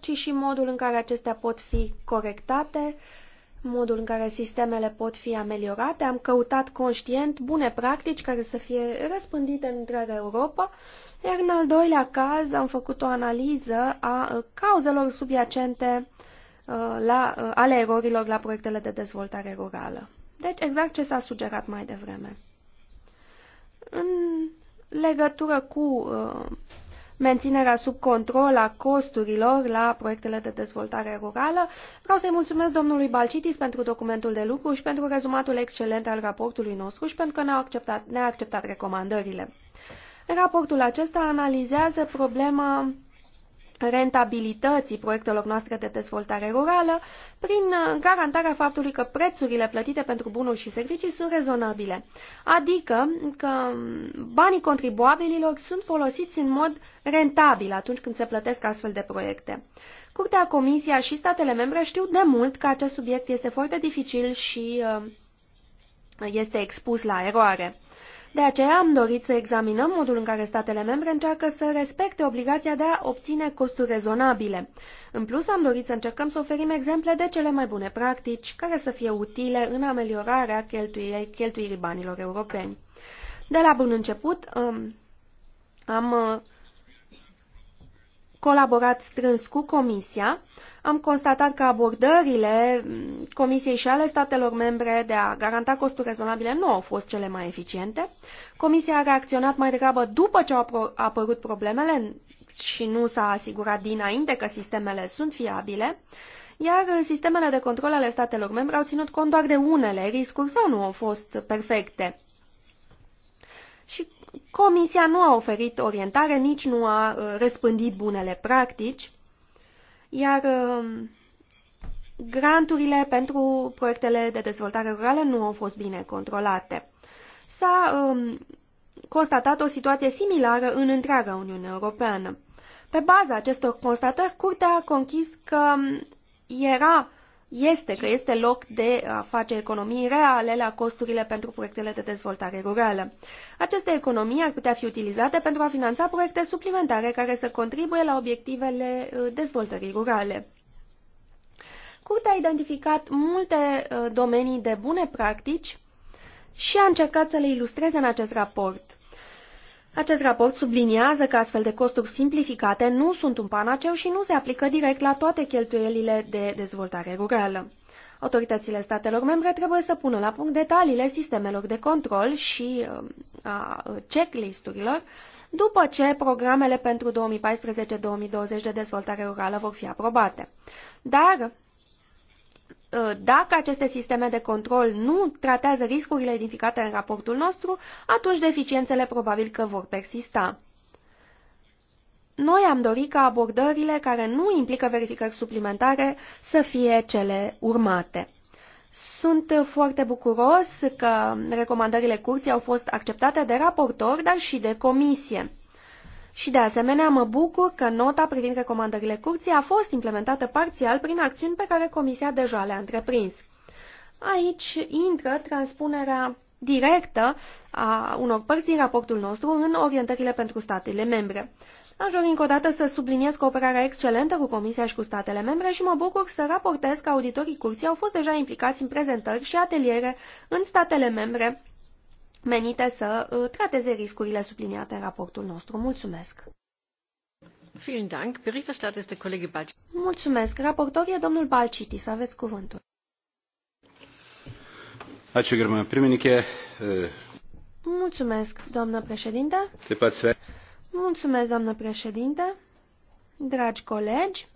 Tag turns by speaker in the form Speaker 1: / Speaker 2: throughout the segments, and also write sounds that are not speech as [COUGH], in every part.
Speaker 1: ci și modul în care acestea pot fi corectate, modul în care sistemele pot fi ameliorate. Am căutat conștient bune practici care să fie răspândite în întreaga Europa, iar în al doilea caz am făcut o analiză a uh, cauzelor subiacente uh, la, uh, ale erorilor la proiectele de dezvoltare rurală. Deci exact ce s-a sugerat mai devreme. În legătură cu uh, menținerea sub control a costurilor la proiectele de dezvoltare rurală. Vreau să-i mulțumesc domnului Balcitis pentru documentul de lucru și pentru rezumatul excelent al raportului nostru și pentru că ne-a acceptat, ne acceptat recomandările. Raportul acesta analizează problema rentabilității proiectelor noastre de dezvoltare rurală prin uh, garantarea faptului că prețurile plătite pentru bunuri și servicii sunt rezonabile, adică că um, banii contribuabililor sunt folosiți în mod rentabil atunci când se plătesc astfel de proiecte. Curtea, Comisia și statele membre știu de mult că acest subiect este foarte dificil și uh, este expus la eroare. De aceea am dorit să examinăm modul în care statele membre încearcă să respecte obligația de a obține costuri rezonabile. În plus, am dorit să încercăm să oferim exemple de cele mai bune practici care să fie utile în ameliorarea cheltuirii, cheltuirii banilor europeni. De la bun început, am colaborat strâns cu Comisia. Am constatat că abordările Comisiei și ale statelor membre de a garanta costuri rezonabile nu au fost cele mai eficiente. Comisia a reacționat mai degrabă după ce au apărut problemele și nu s-a asigurat dinainte că sistemele sunt fiabile, iar sistemele de control ale statelor membre au ținut cont doar de unele riscuri sau nu au fost perfecte. Și Comisia nu a oferit orientare, nici nu a uh, răspândit bunele practici, iar um, granturile pentru proiectele de dezvoltare rurală nu au fost bine controlate. S-a um, constatat o situație similară în întreaga Uniune Europeană. Pe baza acestor constatări, Curtea a conchis că um, era este că este loc de a face economii reale la costurile pentru proiectele de dezvoltare rurală. Aceste economii ar putea fi utilizate pentru a finanța proiecte suplimentare care să contribuie la obiectivele uh, dezvoltării rurale. Curtea a identificat multe uh, domenii de bune practici și a încercat să le ilustreze în acest raport. Acest raport subliniază că astfel de costuri simplificate nu sunt un panaceu și nu se aplică direct la toate cheltuielile de dezvoltare rurală. Autoritățile statelor membre trebuie să pună la punct detaliile sistemelor de control și uh, a uh, checklisturilor după ce programele pentru 2014-2020 de dezvoltare rurală vor fi aprobate. Dar Uh, dacă aceste sisteme de control nu tratează riscurile identificate în raportul nostru, atunci deficiențele probabil că vor persista. Noi am dorit ca abordările care nu implică verificări suplimentare să fie cele urmate. Sunt foarte bucuros că recomandările curții au fost acceptate de raportor, dar și de comisie. Și de asemenea mă bucur că nota privind recomandările curții a fost implementată parțial prin acțiuni pe care Comisia deja le-a întreprins. Aici intră transpunerea directă a unor părți din raportul nostru în orientările pentru statele membre. Aș dori încă o dată să subliniez cooperarea excelentă cu Comisia și cu statele membre și mă bucur să raportez că auditorii curții au fost deja implicați în prezentări și ateliere în statele membre menite să uh, trateze riscurile subliniate în raportul nostru. Mulțumesc! Mulțumesc. Raportor e domnul Balcitis. Aveți cuvântul. Mulțumesc, doamnă președinte. Mulțumesc, doamnă președinte. Dragi colegi,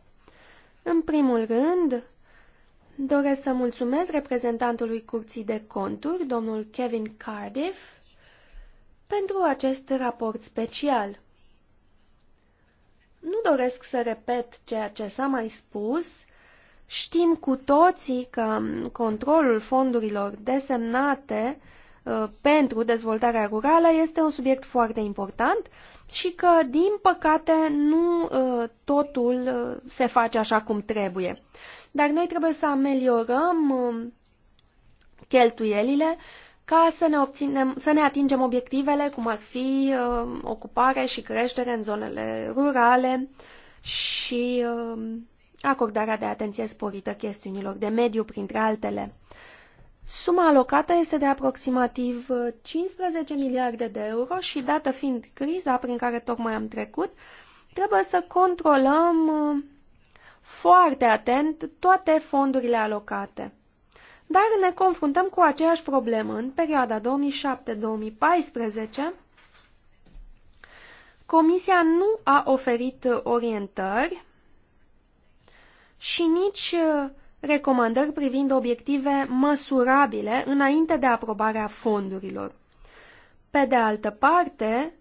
Speaker 1: în primul rând, Doresc să mulțumesc reprezentantului Curții de Conturi, domnul Kevin Cardiff, pentru acest raport special. Nu doresc să repet ceea ce s-a mai spus. Știm cu toții că controlul fondurilor desemnate uh, pentru dezvoltarea rurală este un subiect foarte important și că, din păcate, nu uh, totul uh, se face așa cum trebuie dar noi trebuie să ameliorăm um, cheltuielile ca să ne, obținem, să ne atingem obiectivele, cum ar fi uh, ocupare și creștere în zonele rurale și uh, acordarea de atenție sporită chestiunilor de mediu, printre altele. Suma alocată este de aproximativ 15 uh, miliarde de euro și, dată fiind criza prin care tocmai am trecut, trebuie să controlăm foarte atent toate fondurile alocate. Dar ne confruntăm cu aceeași problemă. În perioada 2007-2014, Comisia nu a oferit orientări și nici uh, recomandări privind obiective măsurabile înainte de aprobarea fondurilor. Pe de altă parte,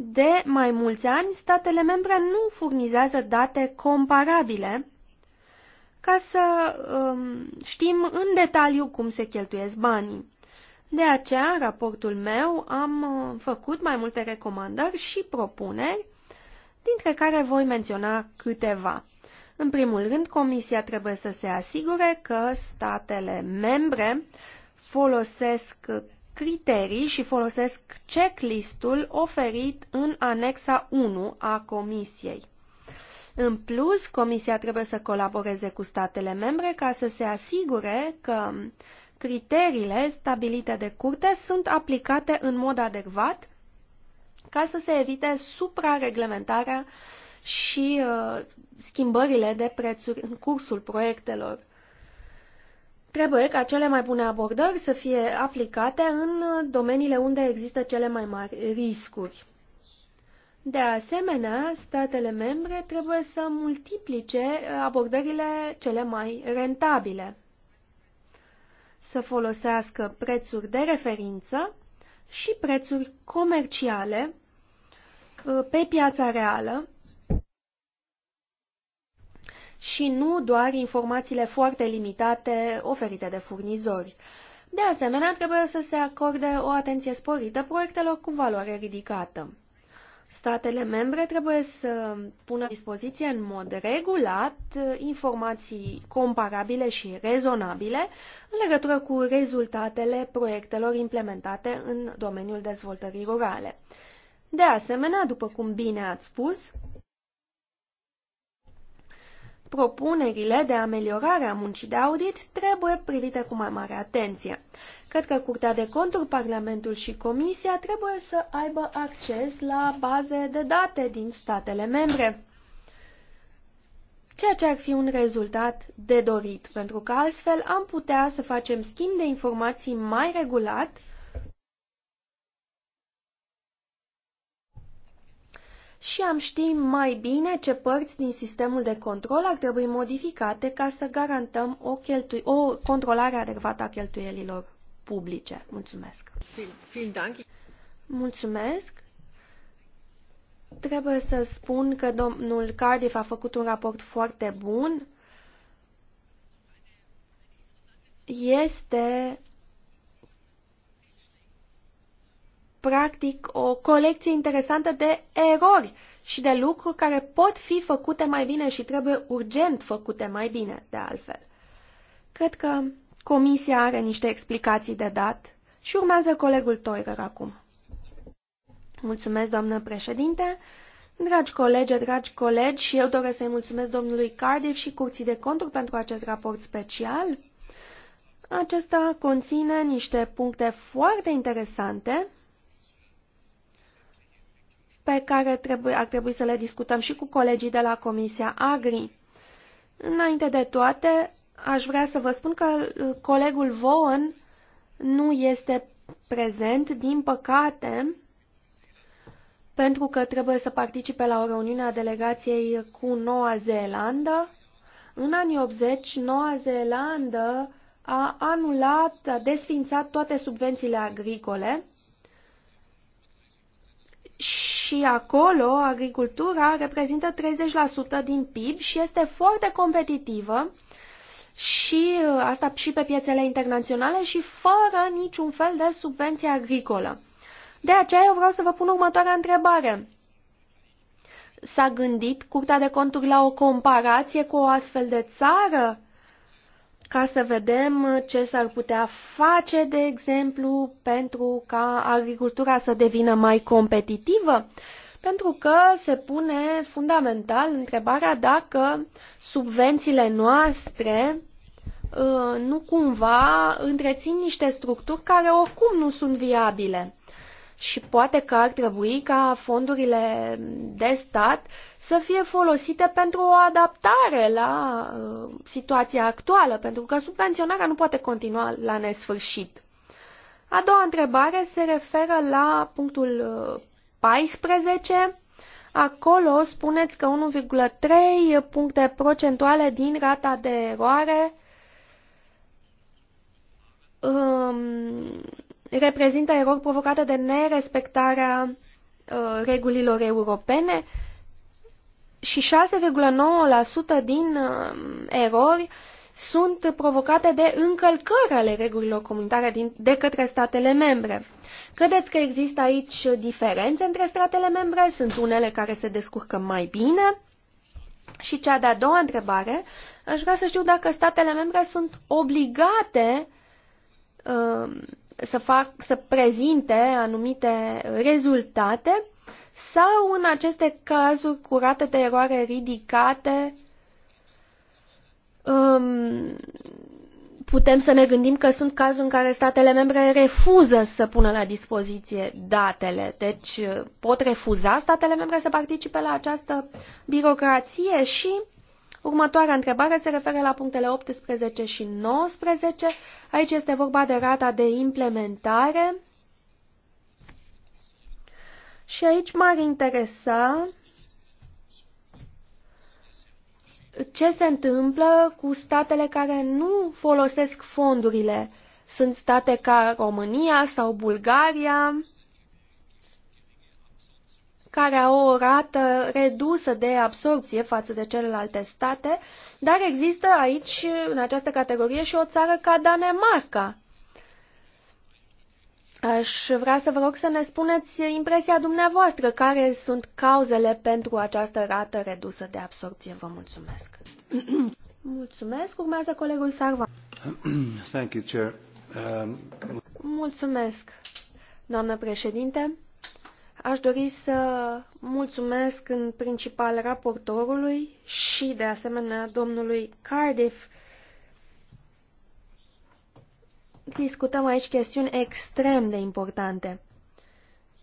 Speaker 1: de mai mulți ani, statele membre nu furnizează date comparabile ca să um, știm în detaliu cum se cheltuiesc banii. De aceea, în raportul meu, am uh, făcut mai multe recomandări și propuneri, dintre care voi menționa câteva. În primul rând, Comisia trebuie să se asigure că statele membre folosesc criterii și folosesc checklistul oferit în anexa 1 a Comisiei. În plus, Comisia trebuie să colaboreze cu statele membre ca să se asigure că criteriile stabilite de curte sunt aplicate în mod adecvat ca să se evite suprareglementarea și uh, schimbările de prețuri în cursul proiectelor. Trebuie ca cele mai bune abordări să fie aplicate în domeniile unde există cele mai mari riscuri. De asemenea, statele membre trebuie să multiplice abordările cele mai rentabile, să folosească prețuri de referință și prețuri comerciale uh, pe piața reală și nu doar informațiile foarte limitate oferite de furnizori. De asemenea, trebuie să se acorde o atenție sporită proiectelor cu valoare ridicată. Statele membre trebuie să pună la dispoziție în mod regulat informații comparabile și rezonabile în legătură cu rezultatele proiectelor implementate în domeniul dezvoltării rurale. De asemenea, după cum bine ați spus, Propunerile de ameliorare a muncii de audit trebuie privite cu mai mare atenție. Cred că Curtea de Conturi, Parlamentul și Comisia trebuie să aibă acces la baze de date din statele membre, ceea ce ar fi un rezultat de dorit, pentru că altfel am putea să facem schimb de informații mai regulat și am ști mai bine ce părți din sistemul de control ar trebui modificate ca să garantăm o, cheltui, o controlare adecvată a cheltuielilor publice. Mulțumesc! Mulțumesc! Trebuie să spun că domnul Cardiff a făcut un raport foarte bun. Este practic o colecție interesantă de erori și de lucruri care pot fi făcute mai bine și trebuie urgent făcute mai bine, de altfel. Cred că comisia are niște explicații de dat și urmează colegul Toirer acum. Mulțumesc, doamnă președinte. Dragi colegi, dragi colegi, și eu doresc să-i mulțumesc domnului Cardiff și Curții de Conturi pentru acest raport special. Acesta conține niște puncte foarte interesante pe care trebuie, ar trebui să le discutăm și cu colegii de la Comisia Agri. Înainte de toate, aș vrea să vă spun că uh, colegul Vaughan nu este prezent, din păcate, pentru că trebuie să participe la o reuniune a delegației cu Noua Zeelandă. În anii 80, Noua Zeelandă a anulat, a desfințat toate subvențiile agricole și acolo agricultura reprezintă 30% din PIB și este foarte competitivă și uh, asta și pe piețele internaționale și fără niciun fel de subvenție agricolă. De aceea eu vreau să vă pun următoarea întrebare. S-a gândit Curtea de Conturi la o comparație cu o astfel de țară? ca să vedem ce s-ar putea face, de exemplu, pentru ca agricultura să devină mai competitivă, pentru că se pune fundamental întrebarea dacă subvențiile noastre ă, nu cumva întrețin niște structuri care oricum nu sunt viabile. Și poate că ar trebui ca fondurile de stat să fie folosite pentru o adaptare la uh, situația actuală, pentru că subvenționarea nu poate continua la nesfârșit. A doua întrebare se referă la punctul 14. Uh, Acolo spuneți că 1,3 puncte procentuale din rata de eroare um, reprezintă erori provocate de nerespectarea uh, regulilor europene. Uh, și 6,9% din uh, erori sunt provocate de încălcări ale regulilor comunitare din, de către statele membre. Credeți că există aici diferențe între statele membre? Sunt unele care se descurcă mai bine? Și cea de-a doua întrebare, aș vrea să știu dacă statele membre sunt obligate uh, să, fac, să prezinte anumite rezultate sau în aceste cazuri cu rate de eroare ridicate um, putem să ne gândim că sunt cazuri în care statele membre refuză să pună la dispoziție datele. Deci uh, pot refuza statele membre să participe la această birocrație și următoarea întrebare se referă la punctele 18 și 19. Aici este vorba de rata de implementare. Și aici m-ar interesa ce se întâmplă cu statele care nu folosesc fondurile. Sunt state ca România sau Bulgaria care au o rată redusă de absorpție față de celelalte state, dar există aici, în această categorie, și o țară ca Danemarca, Aș vrea să vă rog să ne spuneți impresia dumneavoastră, care sunt cauzele pentru această rată redusă de absorpție. Vă mulțumesc. [CLEARS THROAT] mulțumesc. Urmează colegul Sarva. [CLEARS THROAT] Thank you, Chair. Um... Mulțumesc, doamnă președinte. Aș dori să mulțumesc în principal raportorului și, de asemenea, domnului Cardiff, discutăm aici chestiuni extrem de importante.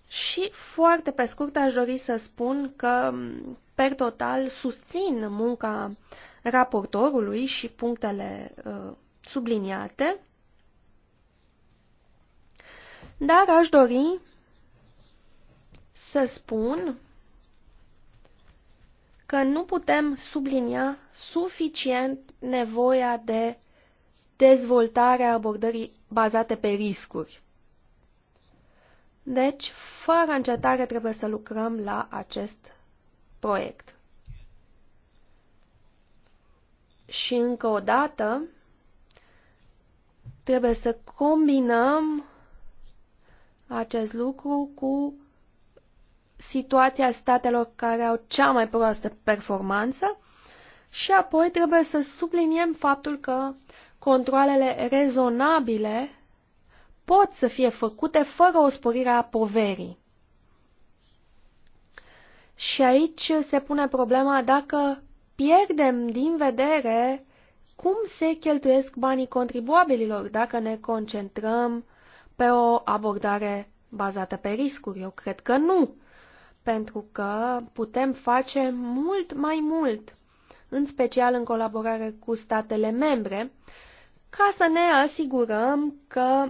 Speaker 1: Și foarte pe scurt aș dori să spun că, per total, susțin munca raportorului și punctele uh, subliniate, dar aș dori să spun că nu putem sublinia suficient nevoia de dezvoltarea abordării bazate pe riscuri. Deci, fără încetare, trebuie să lucrăm la acest proiect. Și încă o dată, trebuie să combinăm acest lucru cu situația statelor care au cea mai proastă performanță și apoi trebuie să subliniem faptul că controlele rezonabile pot să fie făcute fără o sporire a poverii. Și aici se pune problema dacă pierdem din vedere cum se cheltuiesc banii contribuabililor dacă ne concentrăm pe o abordare bazată pe riscuri. Eu cred că nu, pentru că putem face mult mai mult, în special în colaborare cu statele membre, ca să ne asigurăm că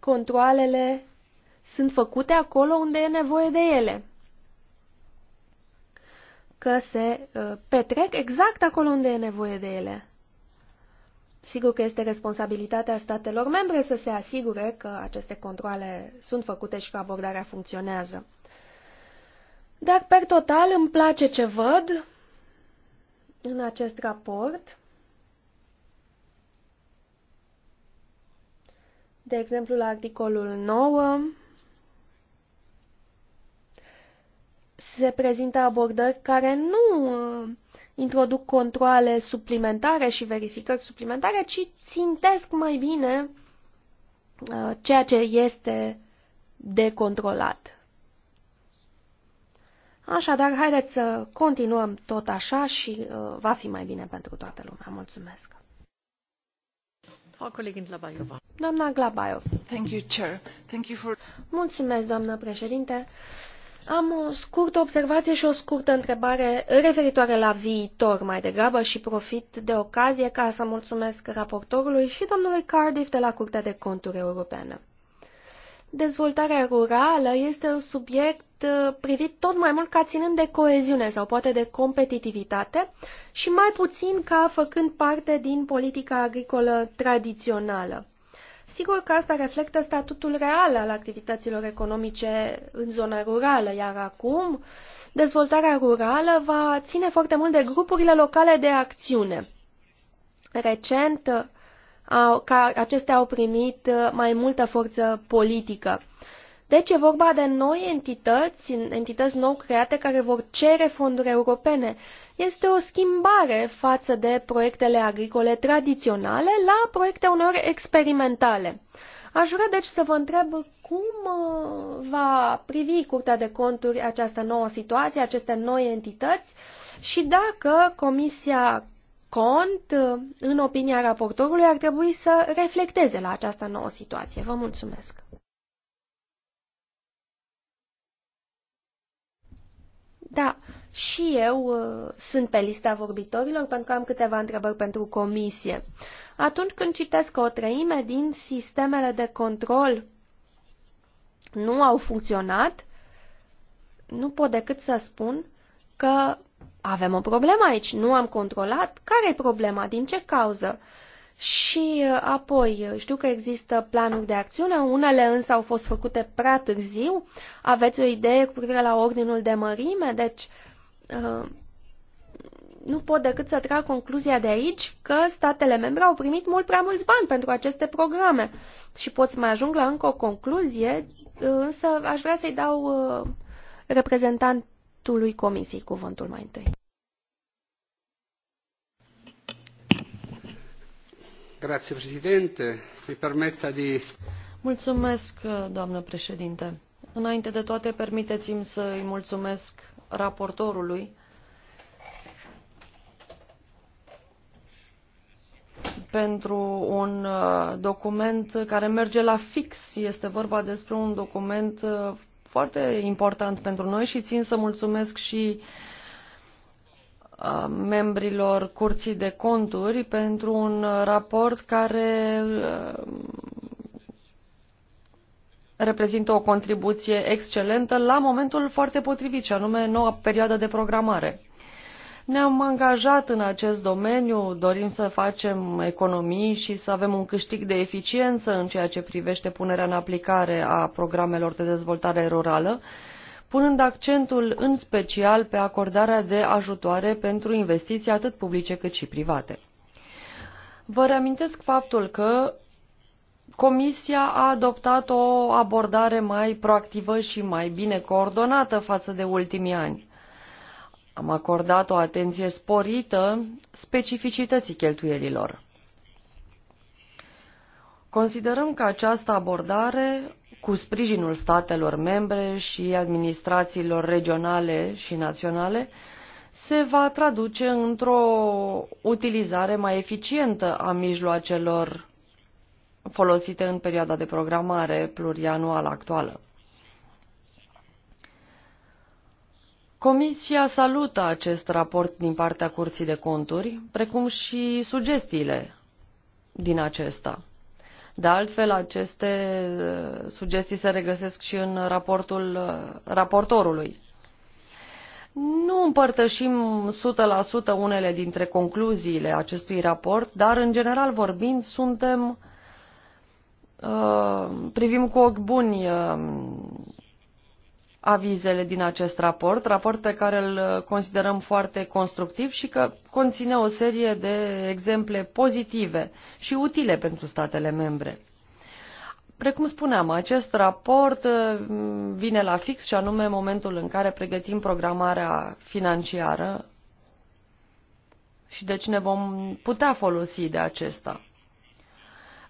Speaker 1: controlele sunt făcute acolo unde e nevoie de ele, că se uh, petrec exact acolo unde e nevoie de ele. Sigur că este responsabilitatea statelor membre să se asigure că aceste controle sunt făcute și că abordarea funcționează. Dar, per total, îmi place ce văd în acest raport. De exemplu, la articolul 9 se prezintă abordări care nu uh, introduc controle suplimentare și verificări suplimentare, ci țintesc mai bine uh, ceea ce este decontrolat. Așadar, haideți să continuăm tot așa și uh, va fi mai bine pentru toată lumea. Mulțumesc! Doamna Glabaev. Mulțumesc, doamnă președinte. Am o scurtă observație și o scurtă întrebare referitoare la viitor mai degrabă și profit de ocazie ca să mulțumesc raportorului și domnului Cardiff de la Curtea de Conturi Europeană dezvoltarea rurală este un subiect uh, privit tot mai mult ca ținând de coeziune sau poate de competitivitate și mai puțin ca făcând parte din politica agricolă tradițională. Sigur că asta reflectă statutul real al activităților economice în zona rurală, iar acum dezvoltarea rurală va ține foarte mult de grupurile locale de acțiune. Recent, au, ca acestea au primit uh, mai multă forță politică. Deci e vorba de noi entități, entități nou create care vor cere fonduri europene. Este o schimbare față de proiectele agricole tradiționale la proiecte uneori experimentale. Aș vrea deci să vă întreb cum uh, va privi Curtea de Conturi această nouă situație, aceste noi entități și dacă Comisia cont, uh, în opinia raportorului, ar trebui să reflecteze la această nouă situație. Vă mulțumesc! Da, și eu uh, sunt pe lista vorbitorilor pentru că am câteva întrebări pentru comisie. Atunci când citesc că o treime din sistemele de control nu au funcționat, nu pot decât să spun că avem o problemă aici, nu am controlat care e problema, din ce cauză. Și uh, apoi, știu că există planuri de acțiune, unele însă au fost făcute prea târziu. Aveți o idee cu privire la ordinul de mărime? Deci, uh, nu pot decât să trag concluzia de aici că statele membre au primit mult prea mulți bani pentru aceste programe. Și pot să mai ajung la încă o concluzie, uh, însă aș vrea să-i dau reprezentant raportului comisiei cuvântul mai întâi.
Speaker 2: Grazie, Presidente. Mi permetta di...
Speaker 3: Mulțumesc, doamnă președinte. Înainte de toate, permiteți-mi să îi mulțumesc raportorului pentru un uh, document care merge la fix. Este vorba despre un document uh, foarte important pentru noi și țin să mulțumesc și uh, membrilor Curții de Conturi pentru un raport care uh, reprezintă o contribuție excelentă la momentul foarte potrivit, și anume noua perioadă de programare. Ne-am angajat în acest domeniu, dorim să facem economii și să avem un câștig de eficiență în ceea ce privește punerea în aplicare a programelor de dezvoltare rurală, punând accentul în special pe acordarea de ajutoare pentru investiții atât publice cât și private. Vă reamintesc faptul că Comisia a adoptat o abordare mai proactivă și mai bine coordonată față de ultimii ani. Am acordat o atenție sporită specificității cheltuielilor. Considerăm că această abordare, cu sprijinul statelor membre și administrațiilor regionale și naționale, se va traduce într-o utilizare mai eficientă a mijloacelor folosite în perioada de programare plurianuală actuală. Comisia salută acest raport din partea Curții de Conturi, precum și sugestiile din acesta. De altfel, aceste uh, sugestii se regăsesc și în raportul uh, raportorului. Nu împărtășim 100% unele dintre concluziile acestui raport, dar, în general vorbind, suntem, uh, privim cu ochi buni avizele din acest raport, raport pe care îl considerăm foarte constructiv și că conține o serie de exemple pozitive și utile pentru statele membre. Precum spuneam, acest raport uh, vine la fix și anume momentul în care pregătim programarea financiară și deci ne vom putea folosi de acesta.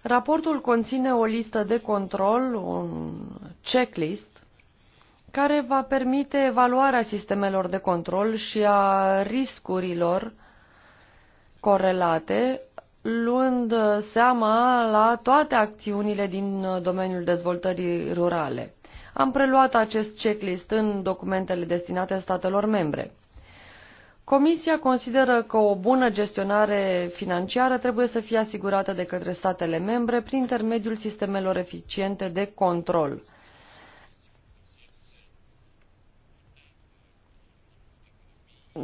Speaker 3: Raportul conține o listă de control, un checklist, care va permite evaluarea sistemelor de control și a riscurilor corelate, luând seama la toate acțiunile din domeniul dezvoltării rurale. Am preluat acest checklist în documentele destinate statelor membre. Comisia consideră că o bună gestionare financiară trebuie să fie asigurată de către statele membre prin intermediul sistemelor eficiente de control –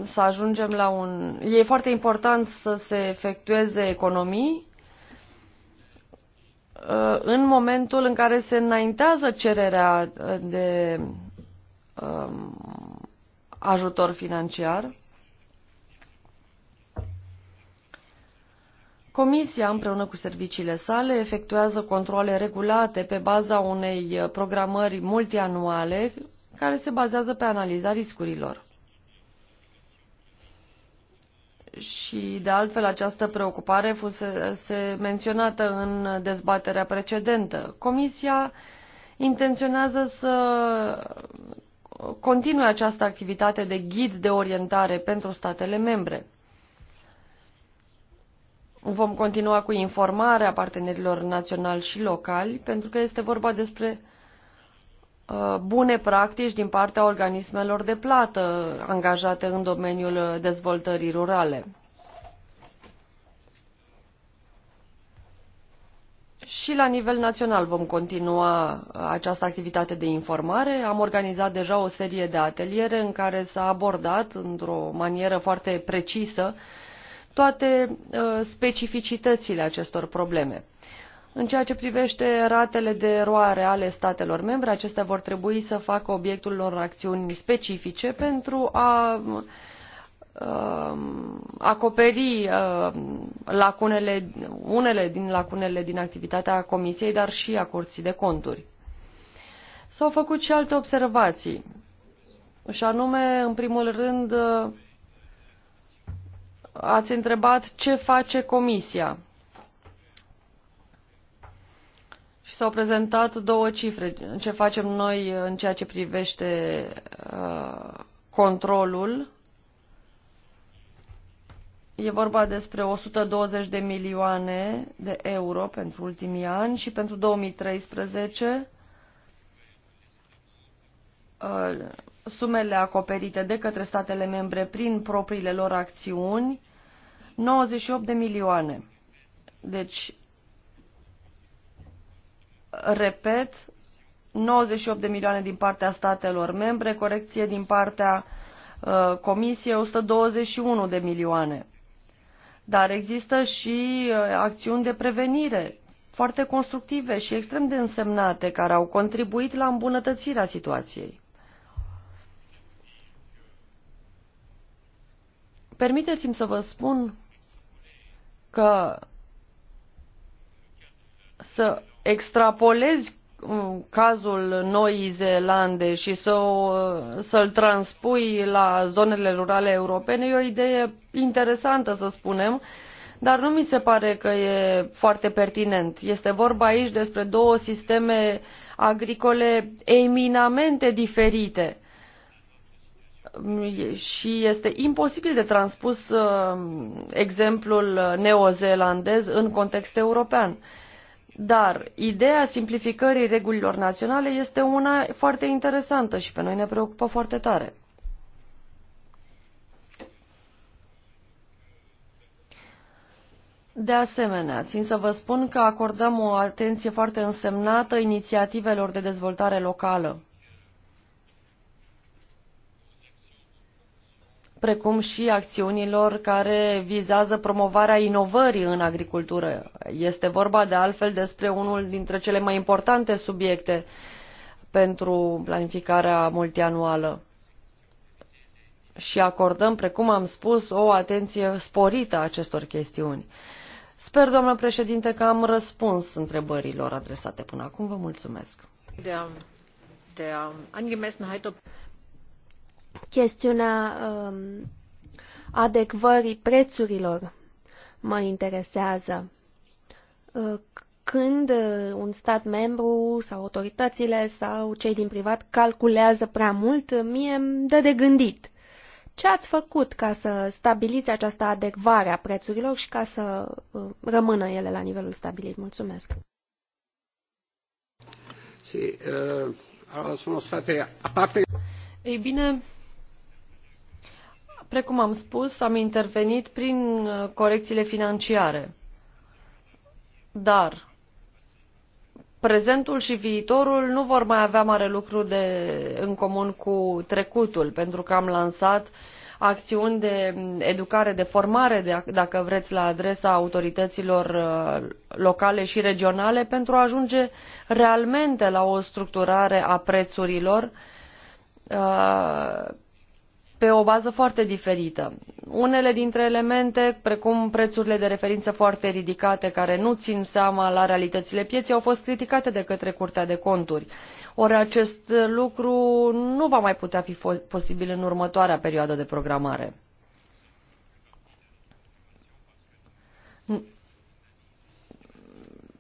Speaker 3: să ajungem la un... E foarte important să se efectueze economii uh, în momentul în care se înaintează cererea uh, de um, ajutor financiar. Comisia, împreună cu serviciile sale, efectuează controle regulate pe baza unei programări multianuale care se bazează pe analiza riscurilor. Și de altfel această preocupare fusese menționată în dezbaterea precedentă. Comisia intenționează să continue această activitate de ghid de orientare pentru statele membre. Vom continua cu informarea partenerilor naționali și locali, pentru că este vorba despre Uh, bune practici din partea organismelor de plată angajate în domeniul dezvoltării rurale. Și la nivel național vom continua uh, această activitate de informare. Am organizat deja o serie de ateliere în care s-a abordat într-o manieră foarte precisă toate uh, specificitățile acestor probleme. În ceea ce privește ratele de eroare ale statelor membre, acestea vor trebui să facă obiectul lor acțiuni specifice pentru a um, acoperi um, lacunele, unele din lacunele din activitatea Comisiei, dar și a Curții de Conturi. S-au făcut și alte observații, și anume, în primul rând, uh, ați întrebat ce face Comisia s-au prezentat două cifre. Ce facem noi în ceea ce privește uh, controlul? E vorba despre 120 de milioane de euro pentru ultimii ani și pentru 2013 uh, sumele acoperite de către statele membre prin propriile lor acțiuni, 98 de milioane. Deci repet, 98 de milioane din partea statelor membre, corecție din partea uh, Comisiei 121 de milioane. Dar există și uh, acțiuni de prevenire foarte constructive și extrem de însemnate care au contribuit la îmbunătățirea situației. Permiteți-mi să vă spun că să extrapolezi uh, cazul Noii Zeelande și să uh, să-l transpui la zonele rurale europene e o idee interesantă, să spunem, dar nu mi se pare că e foarte pertinent. Este vorba aici despre două sisteme agricole eminamente diferite și este imposibil de transpus uh, exemplul neozeelandez în context european. Dar ideea simplificării regulilor naționale este una foarte interesantă și pe noi ne preocupă foarte tare. De asemenea, țin să vă spun că acordăm o atenție foarte însemnată inițiativelor de dezvoltare locală. precum și acțiunilor care vizează promovarea inovării în agricultură. Este vorba de altfel despre unul dintre cele mai importante subiecte pentru planificarea multianuală și acordăm, precum am spus, o atenție sporită acestor chestiuni. Sper, doamnă președinte, că am răspuns întrebărilor adresate până
Speaker 1: acum. Vă mulțumesc.
Speaker 3: De, de
Speaker 1: chestiunea um, adecvării prețurilor mă interesează. Uh, când uh, un stat membru sau autoritățile sau cei din privat calculează prea mult, uh, mie îmi dă de gândit. Ce ați făcut ca să stabiliți această adecvare a prețurilor și ca să rămână ele la nivelul stabilit? Mulțumesc.
Speaker 3: Sì, eh, allora state, Ei bine, Precum am spus, am intervenit prin uh, corecțiile financiare. Dar prezentul și viitorul nu vor mai avea mare lucru de, în comun cu trecutul, pentru că am lansat acțiuni de educare, de formare, de, dacă vreți, la adresa autorităților uh, locale și regionale pentru a ajunge realmente la o structurare a prețurilor uh, pe o bază foarte diferită. Unele dintre elemente, precum prețurile de referință foarte ridicate, care nu țin seama la realitățile pieței, au fost criticate de către Curtea de Conturi. Ori acest lucru nu va mai putea fi posibil în următoarea perioadă de programare.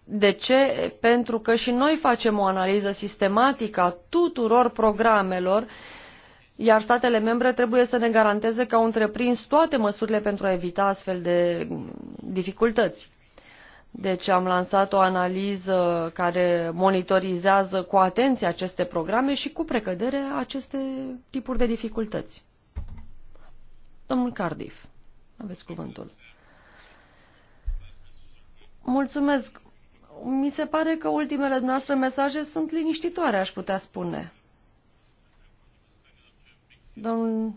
Speaker 3: De ce? Pentru că și noi facem o analiză sistematică a tuturor programelor iar statele membre trebuie să ne garanteze că au întreprins toate măsurile pentru a evita astfel de dificultăți. Deci am lansat o analiză care monitorizează cu atenție aceste programe și cu precădere aceste tipuri de dificultăți. Domnul Cardiff, aveți cuvântul. Mulțumesc. Mi se pare că ultimele noastre mesaje sunt liniștitoare, aș putea spune. Domnul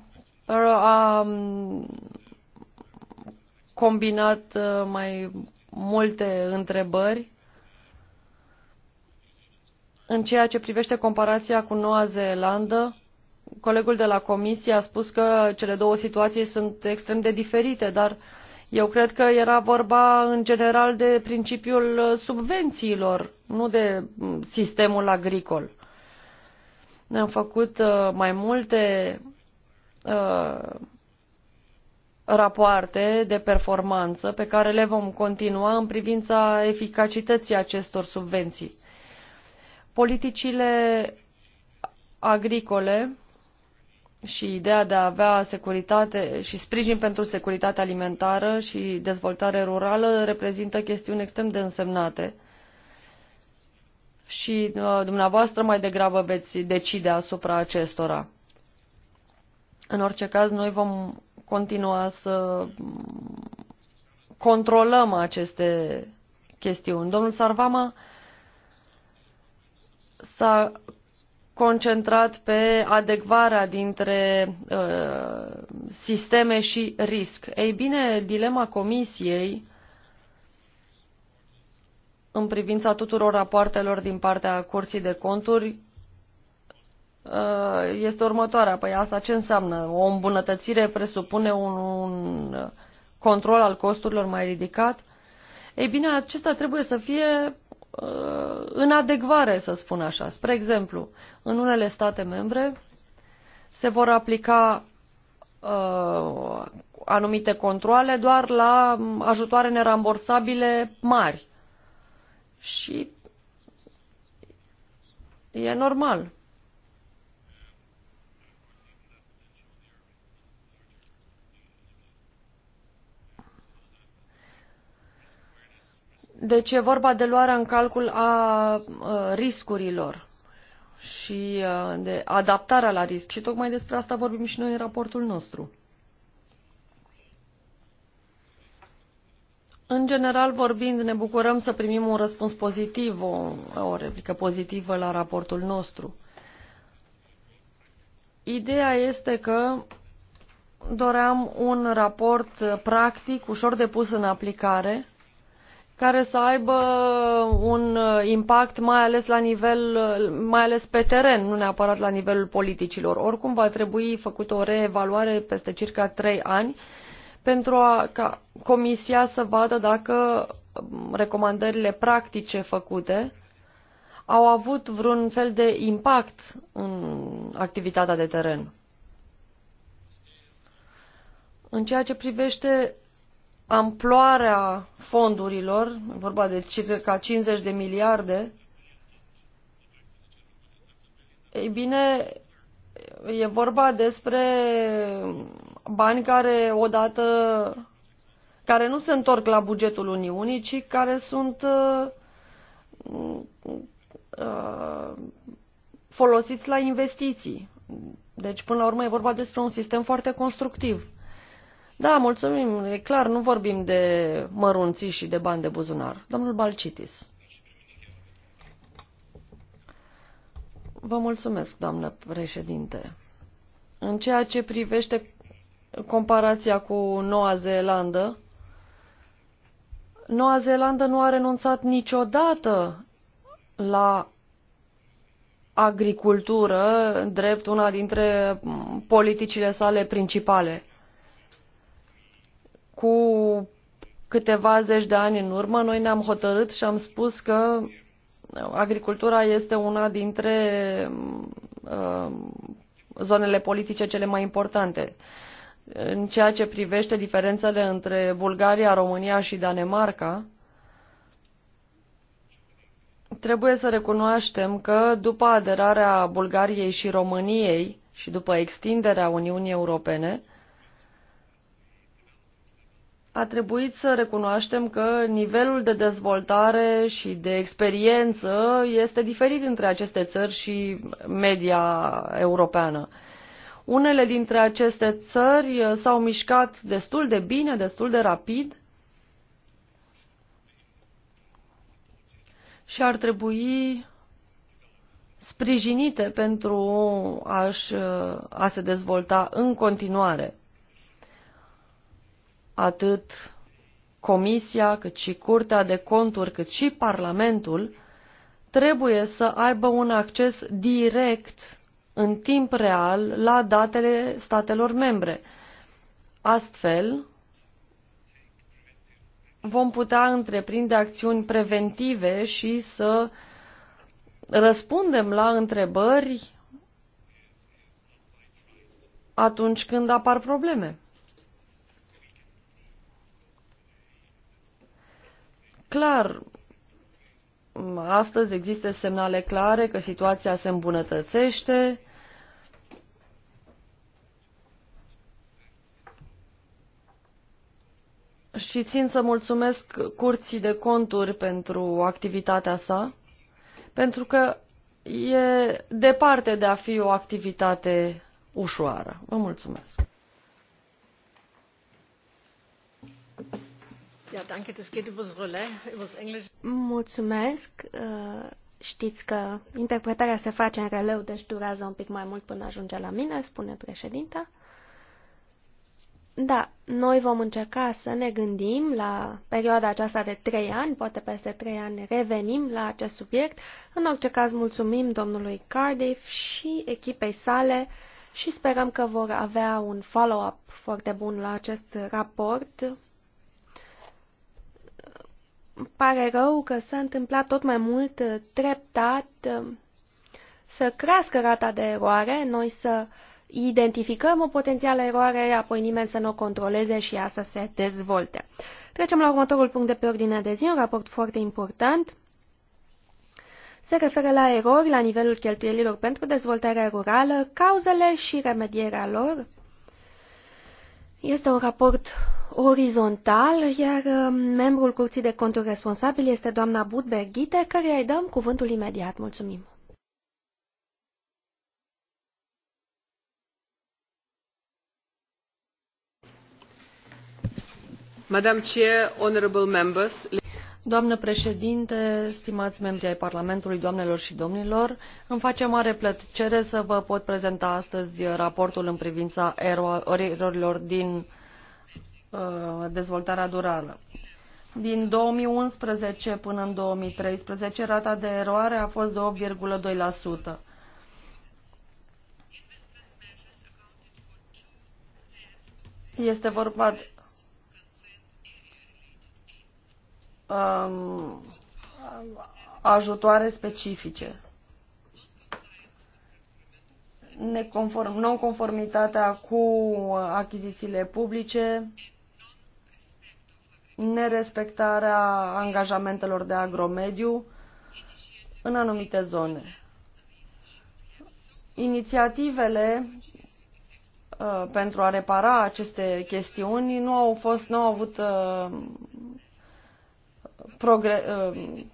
Speaker 3: a um, combinat uh, mai multe întrebări în ceea ce privește comparația cu Noua Zeelandă, colegul de la Comisie a spus că cele două situații sunt extrem de diferite, dar eu cred că era vorba în general de principiul uh, subvențiilor, nu de mm, sistemul agricol ne Am făcut uh, mai multe uh, rapoarte de performanță pe care le vom continua în privința eficacității acestor subvenții. Politicile agricole și ideea de a avea securitate și sprijin pentru securitatea alimentară și dezvoltare rurală reprezintă chestiuni extrem de însemnate și uh, dumneavoastră mai degrabă veți decide asupra acestora. În orice caz, noi vom continua să controlăm aceste chestiuni. Domnul Sarvama s-a concentrat pe adecvarea dintre uh, sisteme și risc. Ei bine, dilema comisiei în privința tuturor rapoartelor din partea Curții de Conturi uh, este următoarea. Păi asta ce înseamnă? O îmbunătățire presupune un, un uh, control al costurilor mai ridicat? Ei bine, acesta trebuie să fie uh, în adecvare, să spun așa. Spre exemplu, în unele state membre se vor aplica uh, anumite controle doar la ajutoare nerambursabile mari și e normal. Deci e vorba de luarea în calcul a riscurilor și de adaptarea la risc. Și tocmai despre asta vorbim și noi în raportul nostru. În general vorbind, ne bucurăm să primim un răspuns pozitiv, o, o replică pozitivă la raportul nostru. Ideea este că doream un raport practic, ușor de pus în aplicare, care să aibă un impact mai ales la nivel, mai ales pe teren, nu neapărat la nivelul politicilor. Oricum va trebui făcută o reevaluare peste circa trei ani pentru a, ca Comisia să vadă dacă mm, recomandările practice făcute au avut vreun fel de impact în activitatea de teren. În ceea ce privește amploarea fondurilor, vorba de circa 50 de miliarde, ei bine, e vorba despre bani care odată care nu se întorc la bugetul Uniunii, ci care sunt uh, uh, folosiți la investiții. Deci, până la urmă, e vorba despre un sistem foarte constructiv. Da, mulțumim, e clar, nu vorbim de mărunții și de bani de buzunar. Domnul Balcitis. Vă mulțumesc, doamnă președinte. În ceea ce privește comparația cu Noua Zeelandă, Noua Zeelandă nu a renunțat niciodată la agricultură, drept una dintre politicile sale principale. Cu câteva zeci de ani în urmă, noi ne-am hotărât și am spus că agricultura este una dintre uh, zonele politice cele mai importante. Uh, în ceea ce privește diferențele între Bulgaria, România și Danemarca, trebuie să recunoaștem că după aderarea Bulgariei și României și după extinderea Uniunii Europene, a trebuit să recunoaștem că nivelul de dezvoltare și de experiență este diferit între aceste țări și media europeană. Unele dintre aceste țări uh, s-au mișcat destul de bine, destul de rapid și ar trebui sprijinite pentru a uh, a se dezvolta în continuare. Atât Comisia, cât și Curtea de Conturi, cât și Parlamentul trebuie să aibă un acces direct în timp real la datele statelor membre. Astfel, vom putea întreprinde acțiuni preventive și să răspundem la întrebări atunci când apar probleme. Clar, astăzi există semnale clare că situația se îmbunătățește, și țin să mulțumesc Curții de Conturi pentru activitatea sa, pentru că e departe de a fi o activitate ușoară. Vă
Speaker 1: mulțumesc! Mulțumesc! Uh, știți că interpretarea se face în releu, deci durează un pic mai mult până ajunge la mine, spune președinta. Da, noi vom încerca să ne gândim la perioada aceasta de trei ani, poate peste trei ani revenim la acest subiect. În orice caz, mulțumim domnului Cardiff și echipei sale și sperăm că vor avea un follow-up foarte bun la acest raport. Pare rău că s-a întâmplat tot mai mult treptat să crească rata de eroare, noi să uh, identificăm o potențială eroare, apoi nimeni să nu o controleze și ea să se dezvolte. Trecem la următorul punct de pe ordinea de zi, un raport foarte important. Se referă la erori la nivelul cheltuielilor pentru dezvoltarea rurală, cauzele și remedierea lor. Este un raport orizontal, iar um, membrul Curții de Conturi responsabil este doamna Budberghite, care îi dăm cuvântul imediat. Mulțumim!
Speaker 3: Doamnă președinte, stimați membri ai Parlamentului, doamnelor și domnilor, îmi face mare plăcere să vă pot prezenta astăzi raportul în privința erorilor din uh, dezvoltarea durabilă. Din 2011 până în 2013, rata de eroare a fost de 8,2%. Este vorba um, ajutoare specifice. Neconform, nonconformitatea cu achizițiile publice, nerespectarea angajamentelor de agromediu în anumite zone. Inițiativele uh, pentru a repara aceste chestiuni nu au fost, nu au avut uh, progre uh,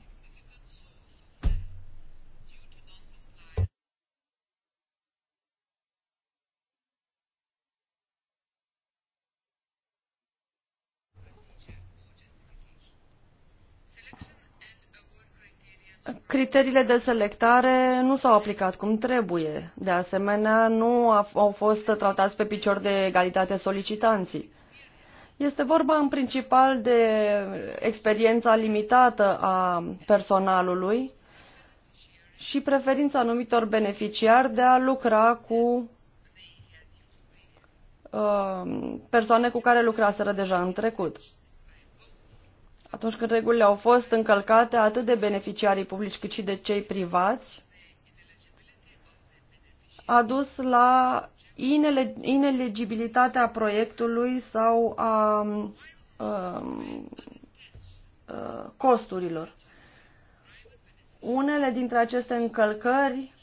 Speaker 3: Criteriile de selectare nu s-au aplicat cum trebuie. De asemenea, nu au fost tratați pe picior de egalitate solicitanții. Este vorba în principal de experiența limitată a personalului și preferința anumitor beneficiari de a lucra cu uh, persoane cu care lucraseră deja în trecut. Atunci când regulile au fost încălcate atât de beneficiarii publici cât și de cei privați, a dus la inelegibilitatea proiectului sau a um, uh, costurilor. Unele dintre aceste încălcări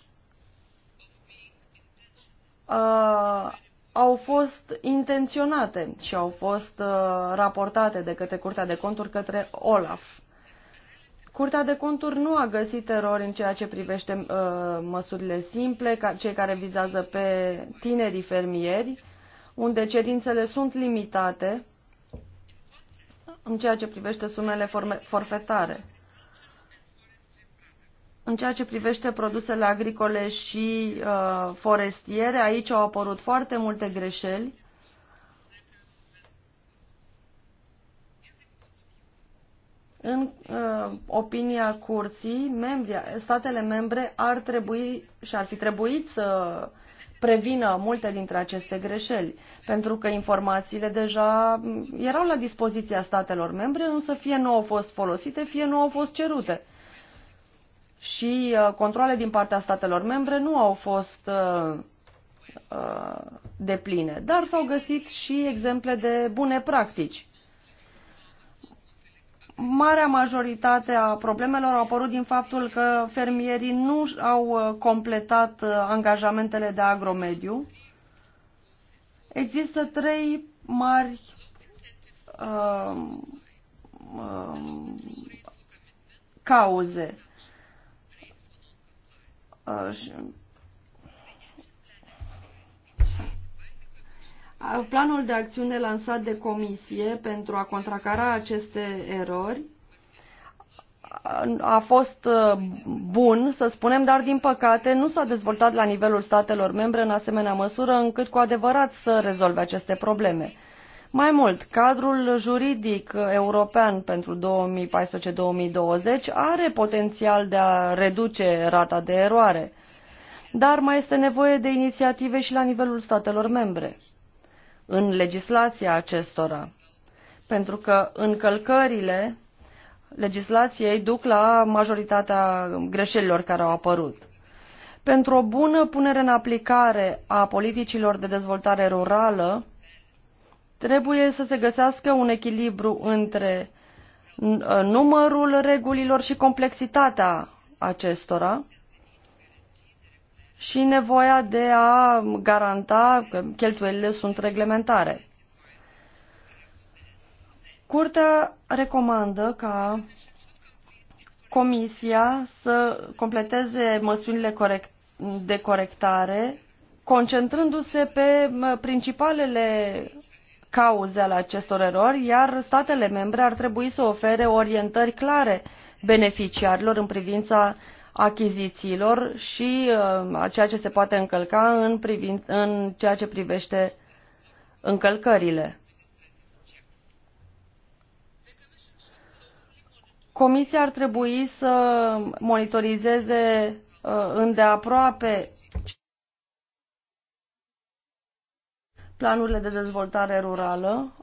Speaker 3: uh, au fost intenționate și au fost uh, raportate de către Curtea de Conturi către OLAF. Curtea de conturi nu a găsit erori în ceea ce privește uh, măsurile simple, ca, cei care vizează pe tinerii fermieri, unde cerințele sunt limitate în ceea ce privește sumele forme, forfetare. În ceea ce privește produsele agricole și uh, forestiere, aici au apărut foarte multe greșeli În uh, opinia curții, membri, statele membre ar trebui și ar fi trebuit să prevină multe dintre aceste greșeli, pentru că informațiile deja erau la dispoziția statelor membre, însă fie nu au fost folosite, fie nu au fost cerute. Și uh, controle din partea statelor membre nu au fost uh, uh, depline, dar s-au găsit și exemple de bune practici marea majoritate a problemelor au apărut din faptul că fermierii nu au uh, completat uh, angajamentele de agromediu. Există trei mari uh, uh, cauze. Uh, Planul de acțiune lansat de comisie pentru a contracara aceste erori a fost uh, bun, să spunem, dar din păcate nu s-a dezvoltat la nivelul statelor membre în asemenea măsură încât cu adevărat să rezolve aceste probleme. Mai mult, cadrul juridic european pentru 2014-2020 are potențial de a reduce rata de eroare, dar mai este nevoie de inițiative și la nivelul statelor membre în legislația acestora, pentru că încălcările legislației duc la majoritatea greșelilor care au apărut. Pentru o bună punere în aplicare a politicilor de dezvoltare rurală, trebuie să se găsească un echilibru între numărul regulilor și complexitatea acestora, și nevoia de a garanta că cheltuielile sunt reglementare. Curtea recomandă ca Comisia să completeze măsurile de corectare, concentrându-se pe principalele cauze ale acestor erori, iar statele membre ar trebui să ofere orientări clare beneficiarilor în privința achizițiilor și a uh, ceea ce se poate încălca în, privin, în ceea ce privește încălcările. Comisia ar trebui să monitorizeze uh, îndeaproape planurile de dezvoltare rurală,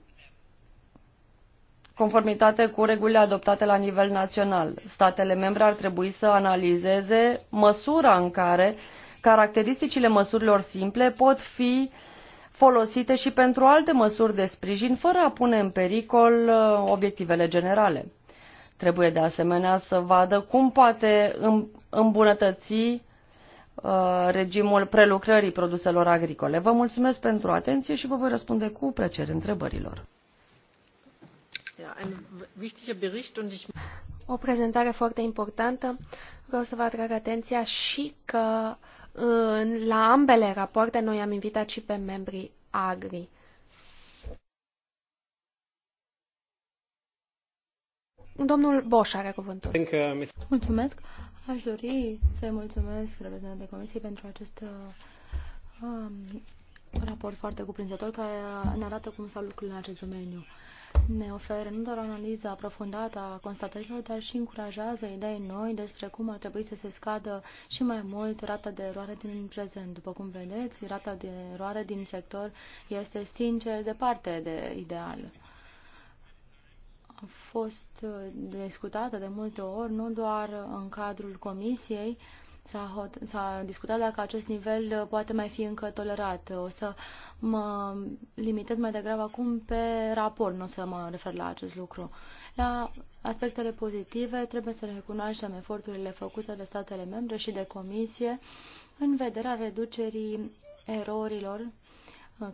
Speaker 3: conformitate cu regulile adoptate la nivel național. Statele membre ar trebui să analizeze măsura în care caracteristicile măsurilor simple pot fi folosite și pentru alte măsuri de sprijin, fără a pune în pericol uh, obiectivele generale. Trebuie de asemenea să vadă cum poate îmbunătăți uh, regimul prelucrării produselor agricole. Vă mulțumesc pentru atenție și vă voi răspunde cu plăcere întrebărilor.
Speaker 1: O prezentare foarte importantă. Vreau să vă atrag atenția și că uh, la ambele rapoarte noi am invitat și pe membrii Agri. Domnul Boș are cuvântul. Mulțumesc. Aș dori să-i
Speaker 2: mulțumesc reprezentantului Comisiei pentru acest uh, um, raport foarte cuprinzător care ne arată cum stau lucrurile în acest domeniu ne oferă nu doar o analiză aprofundată a constatărilor, dar și încurajează idei noi despre cum ar trebui să se scadă și mai mult rata de eroare din prezent. După cum vedeți, rata de eroare din sector este sincer departe de ideal. A fost uh, discutată de multe ori, nu doar în cadrul comisiei, S-a, discutat dacă acest nivel uh, poate mai fi încă tolerat. O să mă limitez mai degrabă acum pe raport, nu o să mă refer la acest lucru. La aspectele pozitive trebuie să recunoaștem eforturile făcute de statele membre și de comisie în vederea reducerii erorilor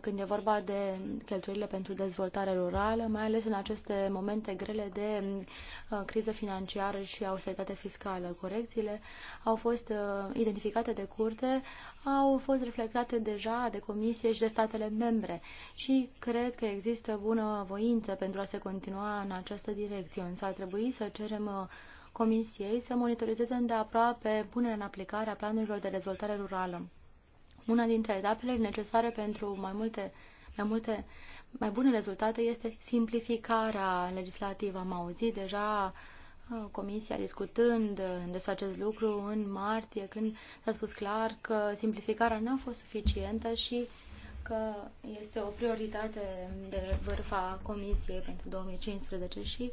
Speaker 2: când e vorba de cheltuielile pentru dezvoltare rurală, mai ales în aceste momente grele de uh, criză financiară și austeritate fiscală. Corecțiile au fost uh, identificate de curte, au fost reflectate deja de comisie și de statele membre și cred că există bună voință pentru a se continua în această direcție, însă ar trebui să cerem uh, Comisiei să monitorizeze îndeaproape punerea în aplicare a planurilor de dezvoltare rurală. Una dintre etapele necesare pentru mai multe, mai multe mai bune rezultate este simplificarea legislativă. Am auzit deja uh, Comisia discutând uh, despre acest lucru în martie, când s-a spus clar că simplificarea nu a fost suficientă și că este o prioritate de vârf a Comisiei pentru 2015 și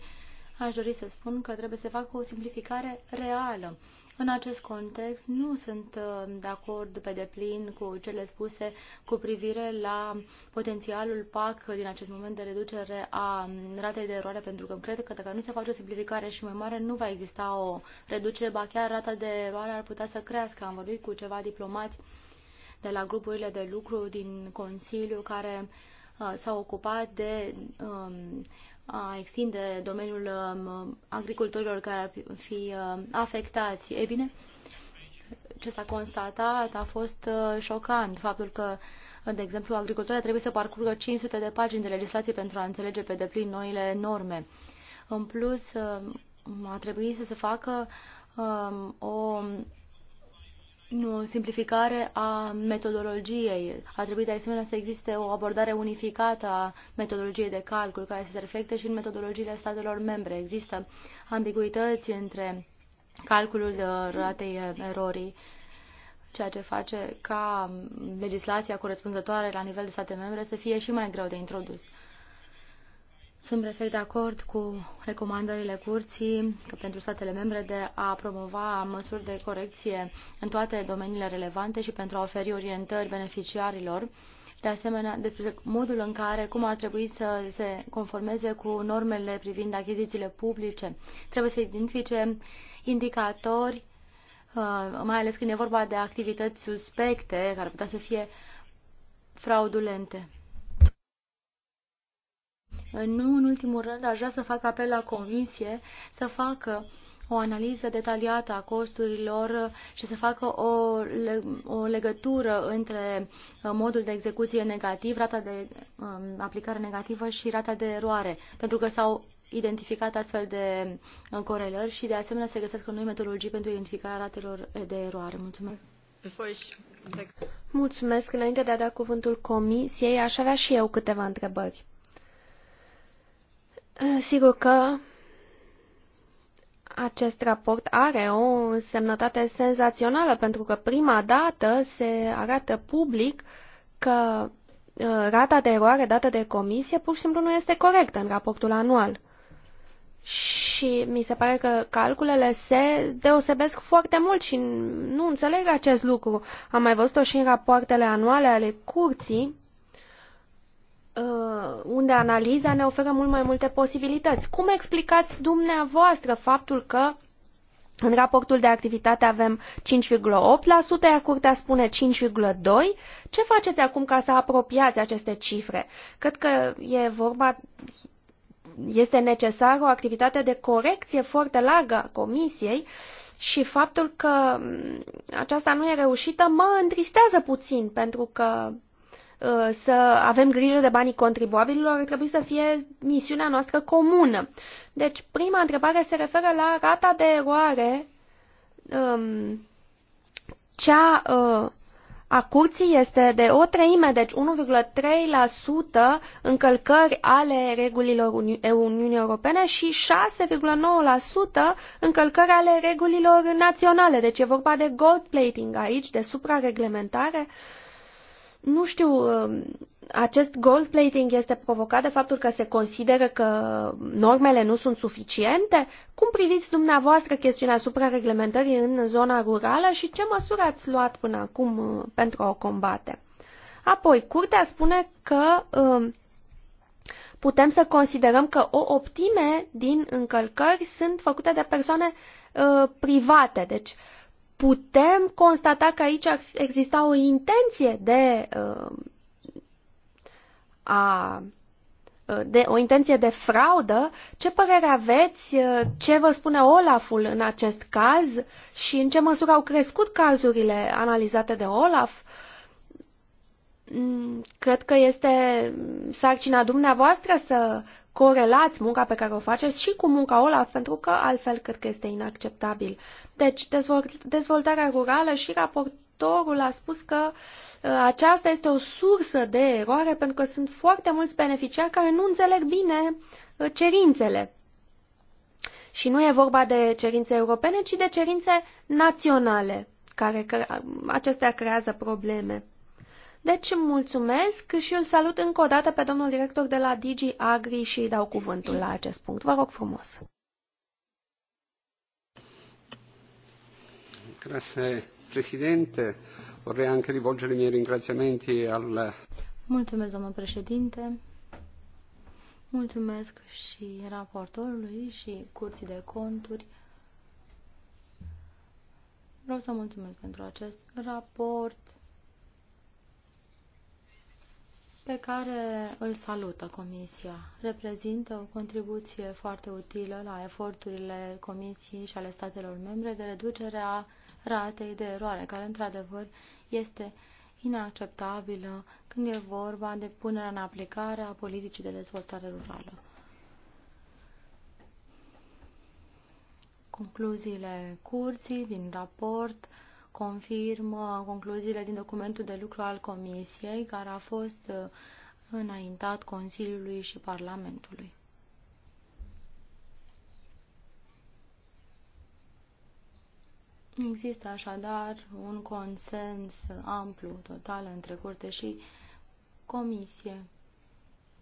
Speaker 2: aș dori să spun că trebuie să facă o simplificare reală. În acest context, nu sunt uh, de acord pe deplin cu cele spuse cu privire la potențialul PAC din acest moment de reducere a um, ratei de eroare, pentru că cred că dacă nu se face o simplificare și mai mare, nu va exista o reducere, ba chiar rata de eroare ar putea să crească. Am vorbit cu ceva diplomați de la grupurile de lucru din Consiliu care uh, s-au ocupat de um, a extinde domeniul um, agricultorilor care ar fi um, afectați. E bine, ce s-a constatat a fost uh, șocant, faptul că, de exemplu, agricultorii trebuie să parcurgă 500 de pagini de legislație pentru a înțelege pe deplin noile norme. În plus, um, a trebuit să se facă o nu, simplificare a metodologiei. A trebuit de asemenea să existe o abordare unificată a metodologiei de calcul care să se reflecte și în metodologiile statelor membre. Există ambiguități între calculul uh, ratei uh, erorii, ceea ce face ca legislația corespunzătoare la nivel de state membre să fie și mai greu de introdus. Sunt perfect de acord cu recomandările curții că pentru statele membre de a promova măsuri de corecție în toate domeniile relevante și pentru a oferi orientări beneficiarilor, de asemenea despre modul în care, cum ar trebui să se conformeze cu normele privind achizițiile publice. Trebuie să identifice indicatori, uh, mai ales când e vorba de activități suspecte, care putea să fie fraudulente. Nu în ultimul rând, aș vrea să fac apel la Comisie să facă o analiză detaliată a costurilor și să facă o, o legătură între uh, modul de execuție negativ, rata de um, aplicare negativă și rata de eroare, pentru că s-au identificat astfel de uh, corelări și de asemenea se găsesc noi metodologii pentru identificarea ratelor de eroare. Mulțumesc!
Speaker 1: Mulțumesc. Înainte de a da cuvântul comisiei, aș avea și eu câteva întrebări. Eh, sigur că acest raport are o semnătate senzațională pentru că prima dată se arată public că eh, rata de eroare dată de comisie pur și simplu nu este corectă în raportul anual. Și mi se pare că calculele se deosebesc foarte mult și nu înțeleg acest lucru. Am mai văzut-o și în rapoartele anuale ale curții Uh, unde analiza ne oferă mult mai multe posibilități. Cum explicați dumneavoastră faptul că în raportul de activitate avem 5,8%, iar curtea spune 5,2%. Ce faceți acum ca să apropiați aceste cifre? Cred că e vorba, este necesară o activitate de corecție foarte largă a comisiei și faptul că mm, aceasta nu e reușită mă întristează puțin, pentru că Uh, să avem grijă de banii contribuabililor ar trebui să fie misiunea noastră comună. Deci, prima întrebare se referă la rata de eroare, um, cea uh, a curții este de o treime, deci 1,3% încălcări ale regulilor Uni Uniunii Europene și 6,9% încălcări ale regulilor naționale. Deci e vorba de gold plating aici, de suprareglementare. Uh, nu știu, um, acest gold plating este provocat de faptul că se consideră că normele nu sunt suficiente? Cum priviți dumneavoastră chestiunea suprareglementării în zona rurală și ce măsuri ați luat până acum uh, pentru a o combate? Apoi, curtea spune că um, putem să considerăm că o optime din încălcări sunt făcute de persoane uh, private, deci uh, putem constata că aici exista o intenție de uh, a uh, de, o intenție de fraudă, ce părere aveți, uh, ce vă spune Olaful în acest caz și în ce măsură au crescut cazurile analizate de Olaf? Mm, cred că este sarcina dumneavoastră să corelați munca pe care o faceți și cu munca OLAF, pentru că altfel cred că este inacceptabil. Deci, dezvoltarea rurală și raportorul a spus că uh, aceasta este o sursă de eroare pentru că sunt foarte mulți beneficiari care nu înțeleg bine uh, cerințele. Și nu e vorba de cerințe europene, ci de cerințe naționale, care uh, acestea creează probleme. Deci mulțumesc și îl salut încă o dată pe domnul director de la Digi Agri și îi dau cuvântul la acest punct. Vă rog frumos. Grazie
Speaker 3: Presidente, vorrei anche rivolgere i miei ringraziamenti al...
Speaker 2: Mulțumesc, domnul președinte. Mulțumesc și raportorului și curții de conturi. Vreau să mulțumesc pentru acest raport pe care îl salută Comisia. Reprezintă o contribuție foarte utilă la eforturile Comisiei și ale statelor membre de reducere a ratei de eroare, care într-adevăr este inacceptabilă când e vorba de punerea în aplicare a politicii de dezvoltare rurală. Concluziile curții din raport uh, confirmă concluziile din documentul de lucru al Comisiei, care a fost uh, înaintat Consiliului și Parlamentului. Există așadar un consens amplu, total, între curte și comisie.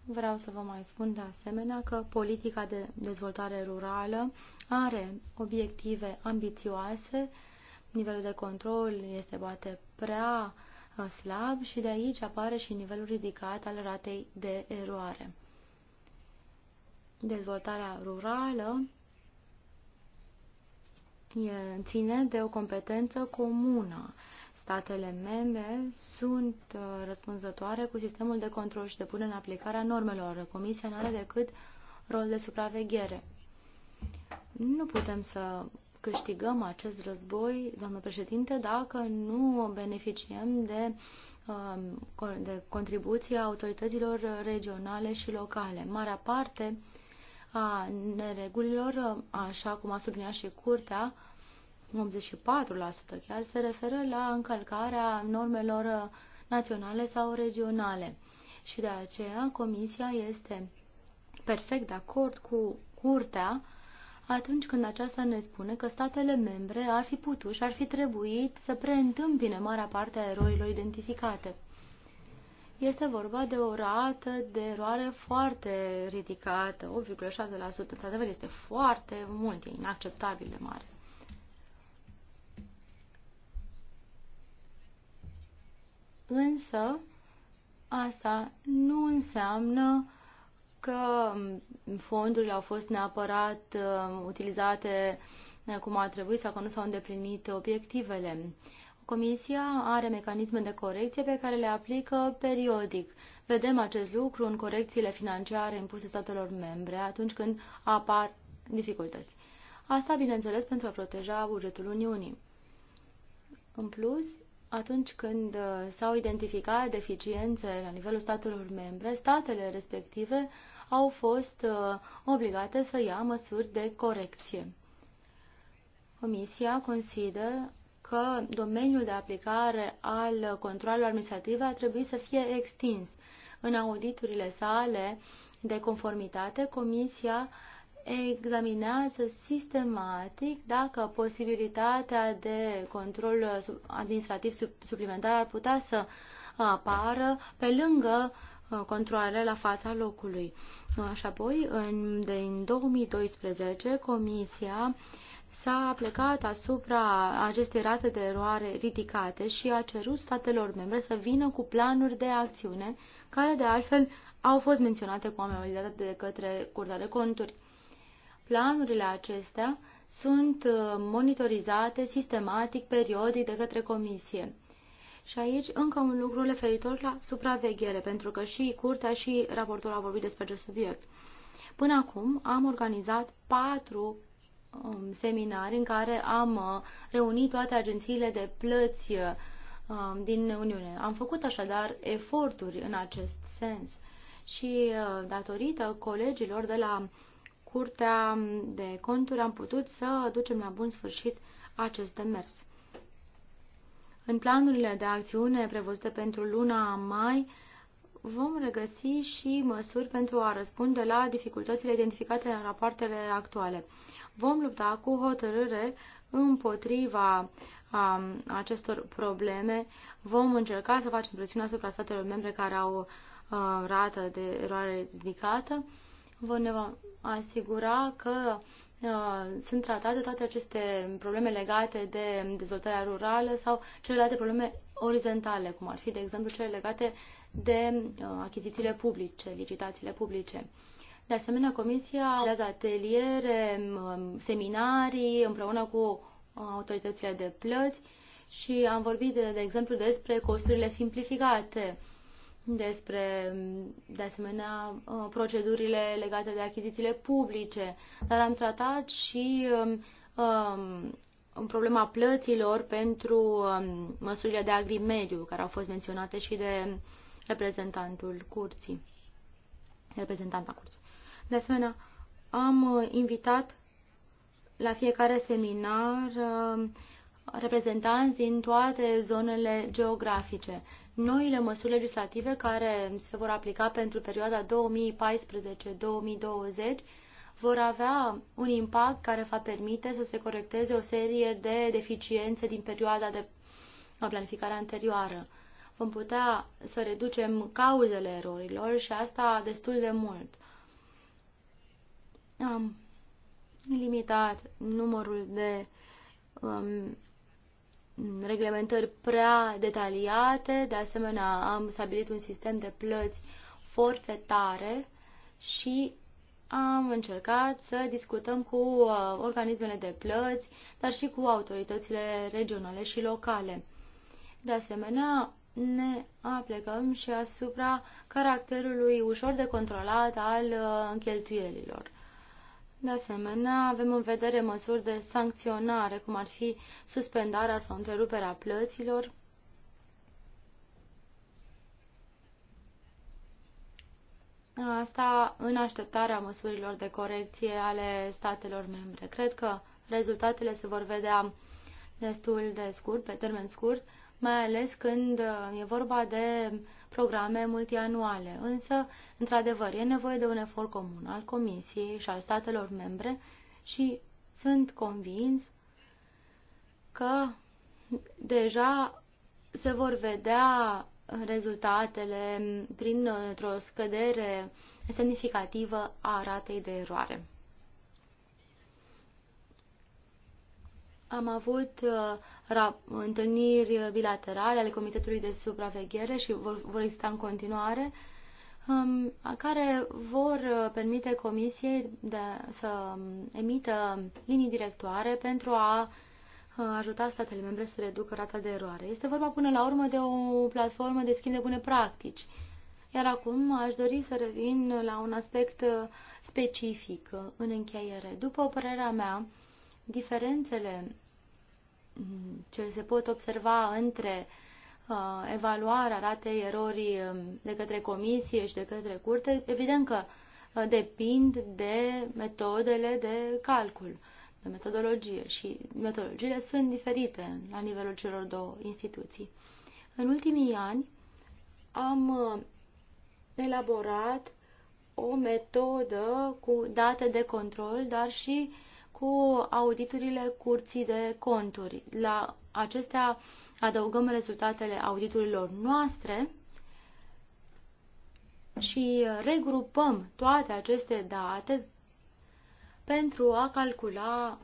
Speaker 2: Vreau să vă mai spun de asemenea că politica de dezvoltare rurală are obiective ambițioase nivelul de control este poate prea uh, slab și de aici apare și nivelul ridicat al ratei de eroare. Dezvoltarea rurală ține de o competență comună. Statele membre sunt uh, răspunzătoare cu sistemul de control și de pune în aplicarea normelor. Comisia nu are decât rol de supraveghere. Nu putem să câștigăm acest război, doamnă președinte, dacă nu beneficiem de, um, de contribuția autorităților regionale și locale. Marea parte a neregulilor, așa cum a subliniat și Curtea, 84% chiar, se referă la încălcarea normelor naționale sau regionale. Și de aceea Comisia este perfect de acord cu Curtea atunci când aceasta ne spune că statele membre ar fi putut și ar fi trebuit să preîntâmpine marea parte a eroilor identificate. Este vorba de o rată de eroare foarte ridicată, 8,7%. Într-adevăr, este foarte mult, e inacceptabil de mare. Însă, asta nu înseamnă că mm, fondurile au fost neapărat mm, utilizate mm, cum ar trebui sau că nu s-au îndeplinit obiectivele. Comisia are mecanisme de corecție pe care le aplică periodic. Vedem acest lucru în corecțiile financiare impuse statelor membre atunci când apar dificultăți. Asta, bineînțeles, pentru a proteja bugetul Uniunii. În plus, atunci când uh, s-au identificat deficiențe la nivelul statelor membre, statele respective au fost uh, obligate să ia măsuri de corecție. Comisia consideră că domeniul de aplicare al controlului administrativ ar trebui să fie extins. În auditurile sale de conformitate, Comisia examinează sistematic dacă posibilitatea de control administrativ suplimentar ar putea să apară pe lângă Uh, controlare la fața locului. Uh, și apoi, în, din 2012, Comisia s-a plecat asupra acestei rate de eroare ridicate și a cerut statelor membre să vină cu planuri de acțiune, care de altfel au fost menționate cu amabilitate de către Curtea de Conturi. Planurile acestea sunt uh, monitorizate sistematic, periodic de către Comisie. Și aici încă un lucru referitor la supraveghere, pentru că și curtea și raportul au vorbit despre acest subiect. Până acum am organizat patru um, seminari în care am uh, reunit toate agențiile de plăți uh, um, din Uniune. Am făcut așadar eforturi în acest sens și uh, datorită colegilor de la Curtea de Conturi am putut să ducem la bun sfârșit acest demers. În planurile de acțiune prevăzute pentru luna mai, vom regăsi și măsuri pentru a răspunde la dificultățile identificate în rapoartele actuale. Vom lupta cu hotărâre împotriva a, um, acestor probleme. Vom încerca să facem presiune asupra statelor membre care au uh, rată de eroare ridicată. Vom ne vom asigura că Uh, sunt tratate toate aceste probleme legate de dezvoltarea rurală sau celelalte probleme orizontale, cum ar fi, de exemplu, cele legate de uh, achizițiile publice, licitațiile publice. De asemenea, Comisia realizează ateliere, um, seminarii împreună cu uh, autoritățile de plăți și am vorbit, de, de exemplu, despre costurile simplificate despre, de asemenea, uh, procedurile legate de achizițiile publice, dar am tratat și um, um problema plăților pentru um, măsurile de agrimediu, care au fost menționate și de reprezentantul curții, reprezentanta curții. De asemenea, am uh, invitat la fiecare seminar um, reprezentanți din toate zonele geografice noile măsuri legislative care se vor aplica pentru perioada 2014-2020 vor avea un impact care va permite să se corecteze o serie de deficiențe din perioada de planificare anterioară. Vom putea să reducem cauzele erorilor și asta destul de mult. Am limitat numărul de um, reglementări prea detaliate, de asemenea am stabilit un sistem de plăți forfetare și am încercat să discutăm cu uh, organismele de plăți, dar și cu autoritățile regionale și locale. De asemenea, ne aplicăm și asupra caracterului ușor de controlat al uh, cheltuielilor. De asemenea, avem în vedere măsuri de sancționare, cum ar fi suspendarea sau întreruperea plăților, Asta în așteptarea măsurilor de corecție ale statelor membre. Cred că rezultatele se vor vedea destul de scurt, pe termen scurt, mai ales când uh, e vorba de programe multianuale. Însă, într-adevăr, e nevoie de un efort comun al Comisiei și al statelor membre și sunt convins că deja se vor vedea rezultatele printr-o scădere semnificativă a ratei de eroare. Am avut uh, întâlniri bilaterale ale Comitetului de Supraveghere și vor, vor exista în continuare, um, care vor uh, permite Comisiei de, să um, emită linii directoare pentru a uh, ajuta statele membre să reducă rata de eroare. Este vorba până la urmă de o platformă de schimb de bune practici. Iar acum aș dori să revin la un aspect uh, specific în încheiere. După părerea mea, diferențele mm, ce se pot observa între uh, evaluarea ratei erorii um, de către comisie și de către curte, evident că uh, depind de metodele de calcul, de metodologie și metodologiile sunt diferite la nivelul celor două instituții. În ultimii ani am uh, elaborat o metodă cu date de control, dar și uh, cu auditurile curții de conturi. La acestea adăugăm rezultatele auditurilor noastre și regrupăm toate aceste date pentru a calcula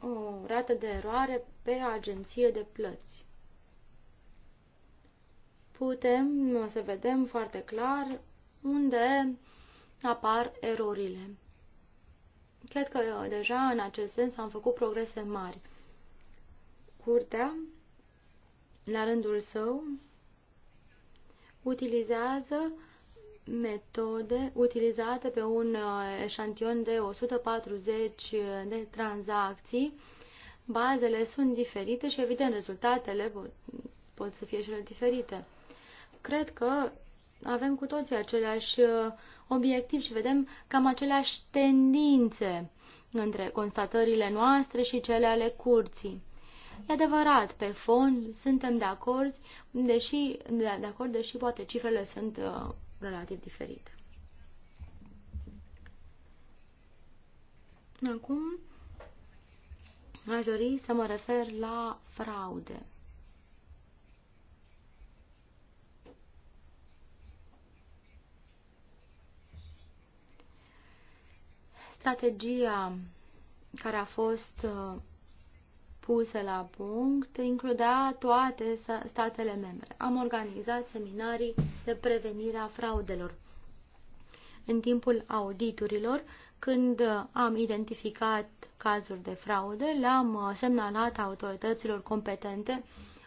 Speaker 2: o rată de eroare pe agenție de plăți. Putem să vedem foarte clar unde apar erorile. Cred că deja în acest sens am făcut progrese mari. Curtea, la rândul său, utilizează metode utilizate pe un uh, eșantion de 140 de tranzacții. Bazele sunt diferite și, evident, rezultatele pot să fie și diferite. Cred că avem cu toții aceleași uh, obiectiv și vedem cam aceleași tendințe între constatările noastre și cele ale curții. E adevărat, pe fond suntem de acord, deși, de, de acord, deși poate cifrele sunt uh, relativ diferite. Acum aș dori să mă refer la fraude. Strategia care a fost uh, pusă la punct includea toate statele membre. Am organizat seminarii de prevenire a fraudelor. În timpul auditurilor, când uh, am identificat cazuri de fraudă, le-am uh, semnalat autorităților competente,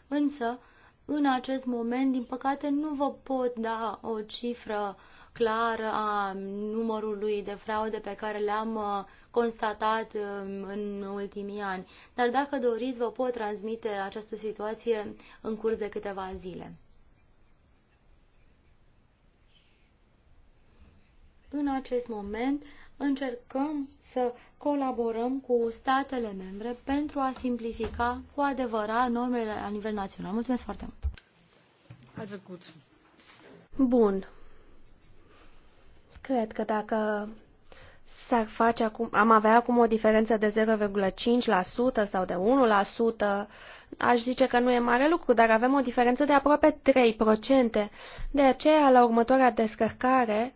Speaker 2: însă, în acest moment, din păcate, nu vă pot da o cifră uh, clar a numărului de fraude pe care le-am uh, constatat um, în ultimii ani. Dar dacă doriți, vă pot transmite această situație în curs de câteva zile. În acest moment încercăm să colaborăm cu statele membre pentru a simplifica cu adevărat normele la nivel național. Mulțumesc foarte
Speaker 1: mult! Bun. Cred că dacă s-ar face acum, am avea acum o diferență de 0,5% sau de 1%, aș zice că nu e mare lucru, dar avem o diferență de aproape 3%. De aceea, la următoarea descărcare,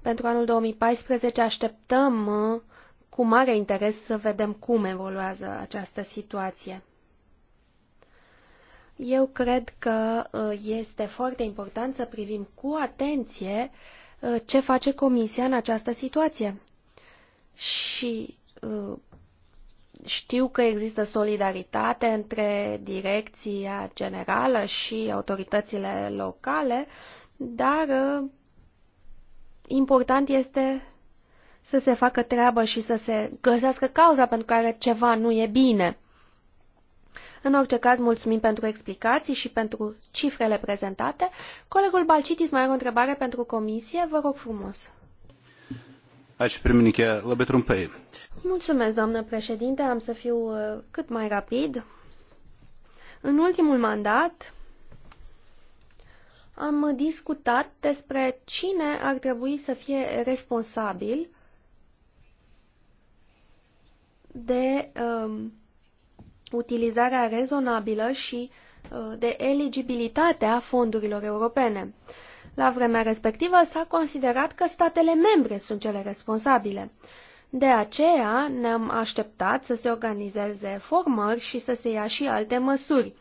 Speaker 1: pentru anul 2014, așteptăm uh, cu mare interes să vedem cum evoluează această situație. Eu cred că uh, este foarte important să privim cu atenție uh, Uh, ce face Comisia în această situație. Și uh, știu că există solidaritate între direcția generală și autoritățile locale, dar uh, important este să se facă treabă și să se găsească cauza pentru care ceva nu e bine. În orice caz, mulțumim pentru explicații și pentru cifrele prezentate. Colegul Balcitis mai are o întrebare pentru comisie. Vă rog frumos. Aș priminică la betrumpei. Mulțumesc, doamnă președinte. Am să fiu uh, cât mai rapid. În ultimul mandat, am discutat despre cine ar trebui să fie responsabil de uh, utilizarea rezonabilă și uh, de eligibilitate a fondurilor europene. La vremea respectivă s-a considerat că statele membre sunt cele responsabile. De aceea ne-am așteptat să se organizeze formări și să se ia și alte măsuri.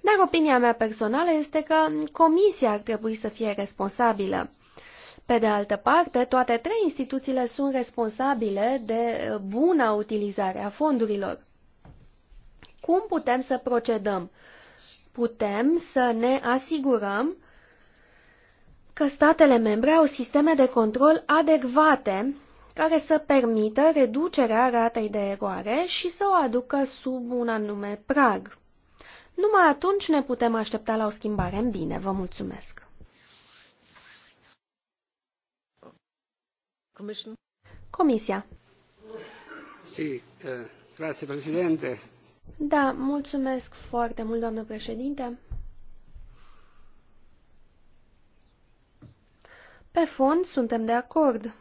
Speaker 1: Dar opinia mea personală este că Comisia ar trebui să fie responsabilă. Pe de altă parte, toate trei instituțiile sunt responsabile de uh, buna utilizare a fondurilor cum putem să procedăm? Putem să ne asigurăm că statele membre au sisteme de control adecvate care să permită reducerea ratei de eroare și să o aducă sub un anume prag. Numai atunci ne putem aștepta la o schimbare în bine. Vă mulțumesc. Comisia.
Speaker 3: Sì,
Speaker 2: eh, grazie Presidente.
Speaker 1: Da, mulțumesc foarte mult, doamnă președinte. Pe fond, suntem de acord.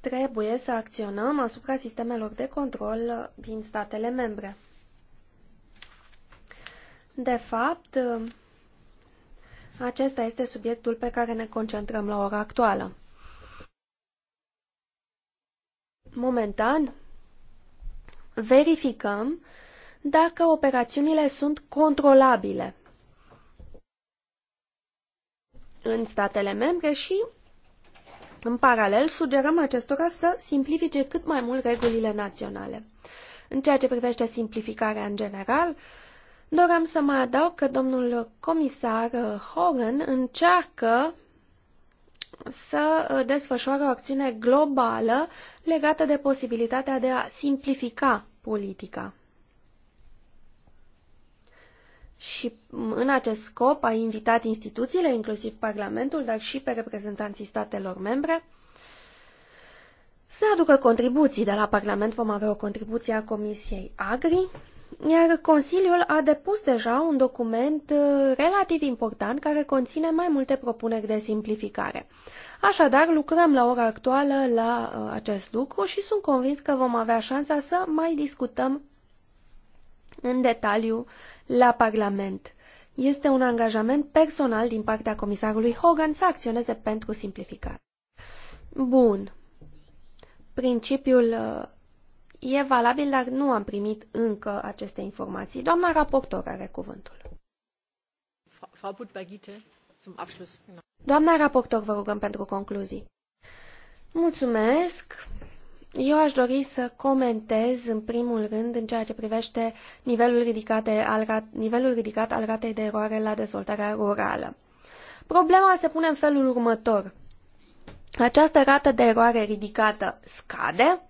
Speaker 1: Trebuie să acționăm asupra sistemelor de control din statele membre. De fapt, acesta este subiectul pe care ne concentrăm la ora actuală. Momentan, verificăm dacă operațiunile sunt controlabile în statele membre și, în paralel, sugerăm acestora să simplifice cât mai mult regulile naționale. În ceea ce privește simplificarea în general, doream să mai adaug că domnul comisar Hogan încearcă să uh, desfășoare o acțiune globală legată de posibilitatea de a simplifica politica. Și mm, în acest scop a invitat instituțiile, inclusiv Parlamentul, dar și pe reprezentanții statelor membre, să aducă contribuții. De la Parlament vom avea o contribuție a Comisiei Agri iar Consiliul a depus deja un document uh, relativ important care conține mai multe propuneri de simplificare. Așadar, lucrăm la ora actuală la uh, acest lucru și sunt convins că vom avea șansa să mai discutăm în detaliu la Parlament. Este un angajament personal din partea comisarului Hogan să acționeze pentru simplificare. Bun. Principiul uh, e valabil, dar nu am primit încă aceste informații. Doamna raportor are cuvântul. Doamna raportor, vă rugăm pentru concluzii. Mulțumesc. Eu aș dori să comentez în primul rând în ceea ce privește nivelul ridicat, al, nivelul ridicat al ratei de eroare la dezvoltarea rurală. Problema se pune în felul următor. Această rată de eroare ridicată scade,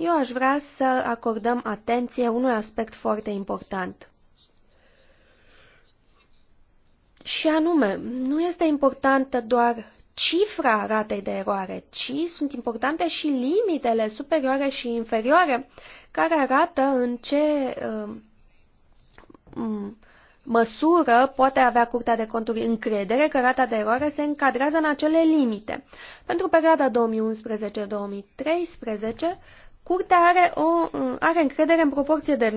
Speaker 1: eu aș vrea să acordăm atenție unui aspect foarte important. Și anume, nu este importantă doar cifra ratei de eroare, ci sunt importante și limitele superioare și inferioare care arată în ce um, măsură poate avea Curtea de Conturi încredere că rata de eroare se încadrează în acele limite. Pentru perioada 2011-2013, Curtea are, o, uh, are încredere în proporție de 95%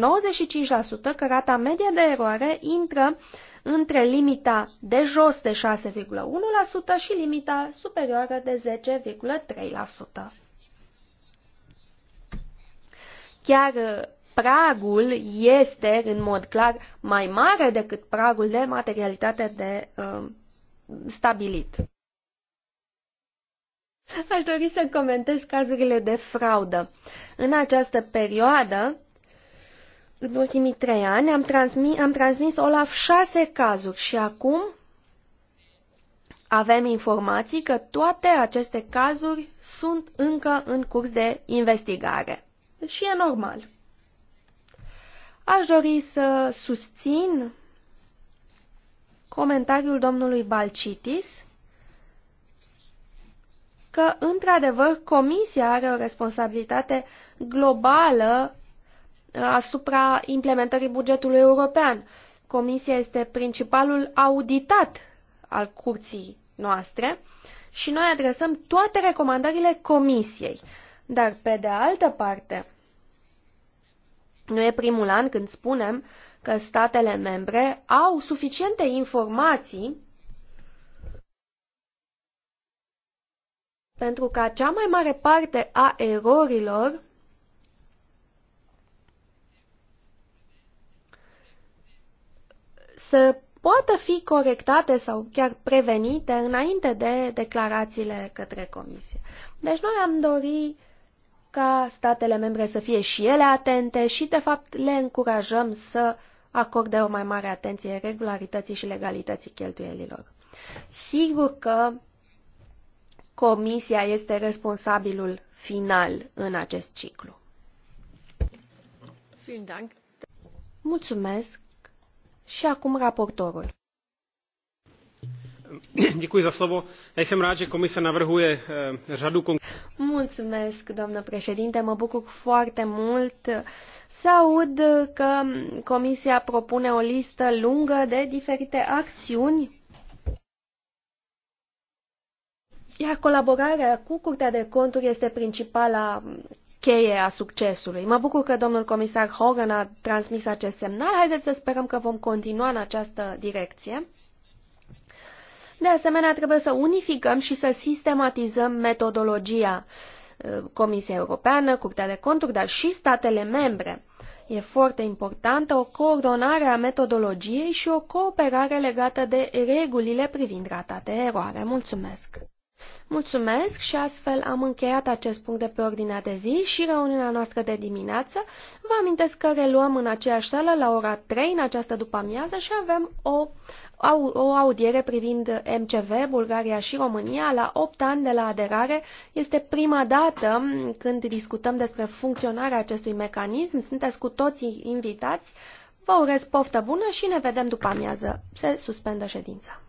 Speaker 1: că rata medie de eroare intră între limita de jos de 6,1% și limita superioară de 10,3%. Chiar uh, pragul este în mod clar mai mare decât pragul de materialitate de uh, stabilit. Aș dori să comentez cazurile de fraudă. În această perioadă, în ultimii trei ani, am transmis, am transmis Olaf șase cazuri și acum avem informații că toate aceste cazuri sunt încă în curs de investigare. Și e normal. Aș dori să susțin comentariul domnului Balcitis că, într-adevăr, Comisia are o responsabilitate globală uh, asupra implementării bugetului european. Comisia este principalul auditat al curții noastre și noi adresăm toate recomandările Comisiei. Dar, pe de altă parte, nu e primul an când spunem că statele membre au suficiente informații Pentru ca cea mai mare parte a erorilor să poată fi corectate sau chiar prevenite înainte de declarațiile către comisie. Deci noi am dori ca statele membre să fie și ele atente și, de fapt, le încurajăm să acorde o mai mare atenție regularității și legalității cheltuielilor. Sigur că Comisia este responsabilul final în acest ciclu. Mulțumesc. Și acum raportorul. Děkuji za slovo. Já jsem rád, že komise navrhuje eh, řadu Mulțumesc, domnule președinte. Mă bucur foarte mult să aud că comisia propune o listă lungă de diferite acțiuni Iar colaborarea cu Curtea de Conturi este principala cheie a succesului. Mă bucur că domnul comisar Hogan a transmis acest semnal. Haideți să sperăm că vom continua în această direcție. De asemenea, trebuie să unificăm și să sistematizăm metodologia uh, Comisia Europeană, Curtea de Conturi, dar și statele membre. E foarte importantă o coordonare a metodologiei și o cooperare legată de regulile privind ratate eroare. Mulțumesc! Mulțumesc și astfel am încheiat acest punct de pe ordinea de zi și reuniunea noastră de dimineață. Vă amintesc că reluăm în aceeași sală la ora 3 în această după-amiază și avem o, o audiere privind MCV, Bulgaria și România la 8 ani de la aderare. Este prima dată când discutăm despre funcționarea acestui mecanism. Sunteți cu toții invitați. Vă urez poftă bună și ne vedem după amiază. Se suspendă ședința.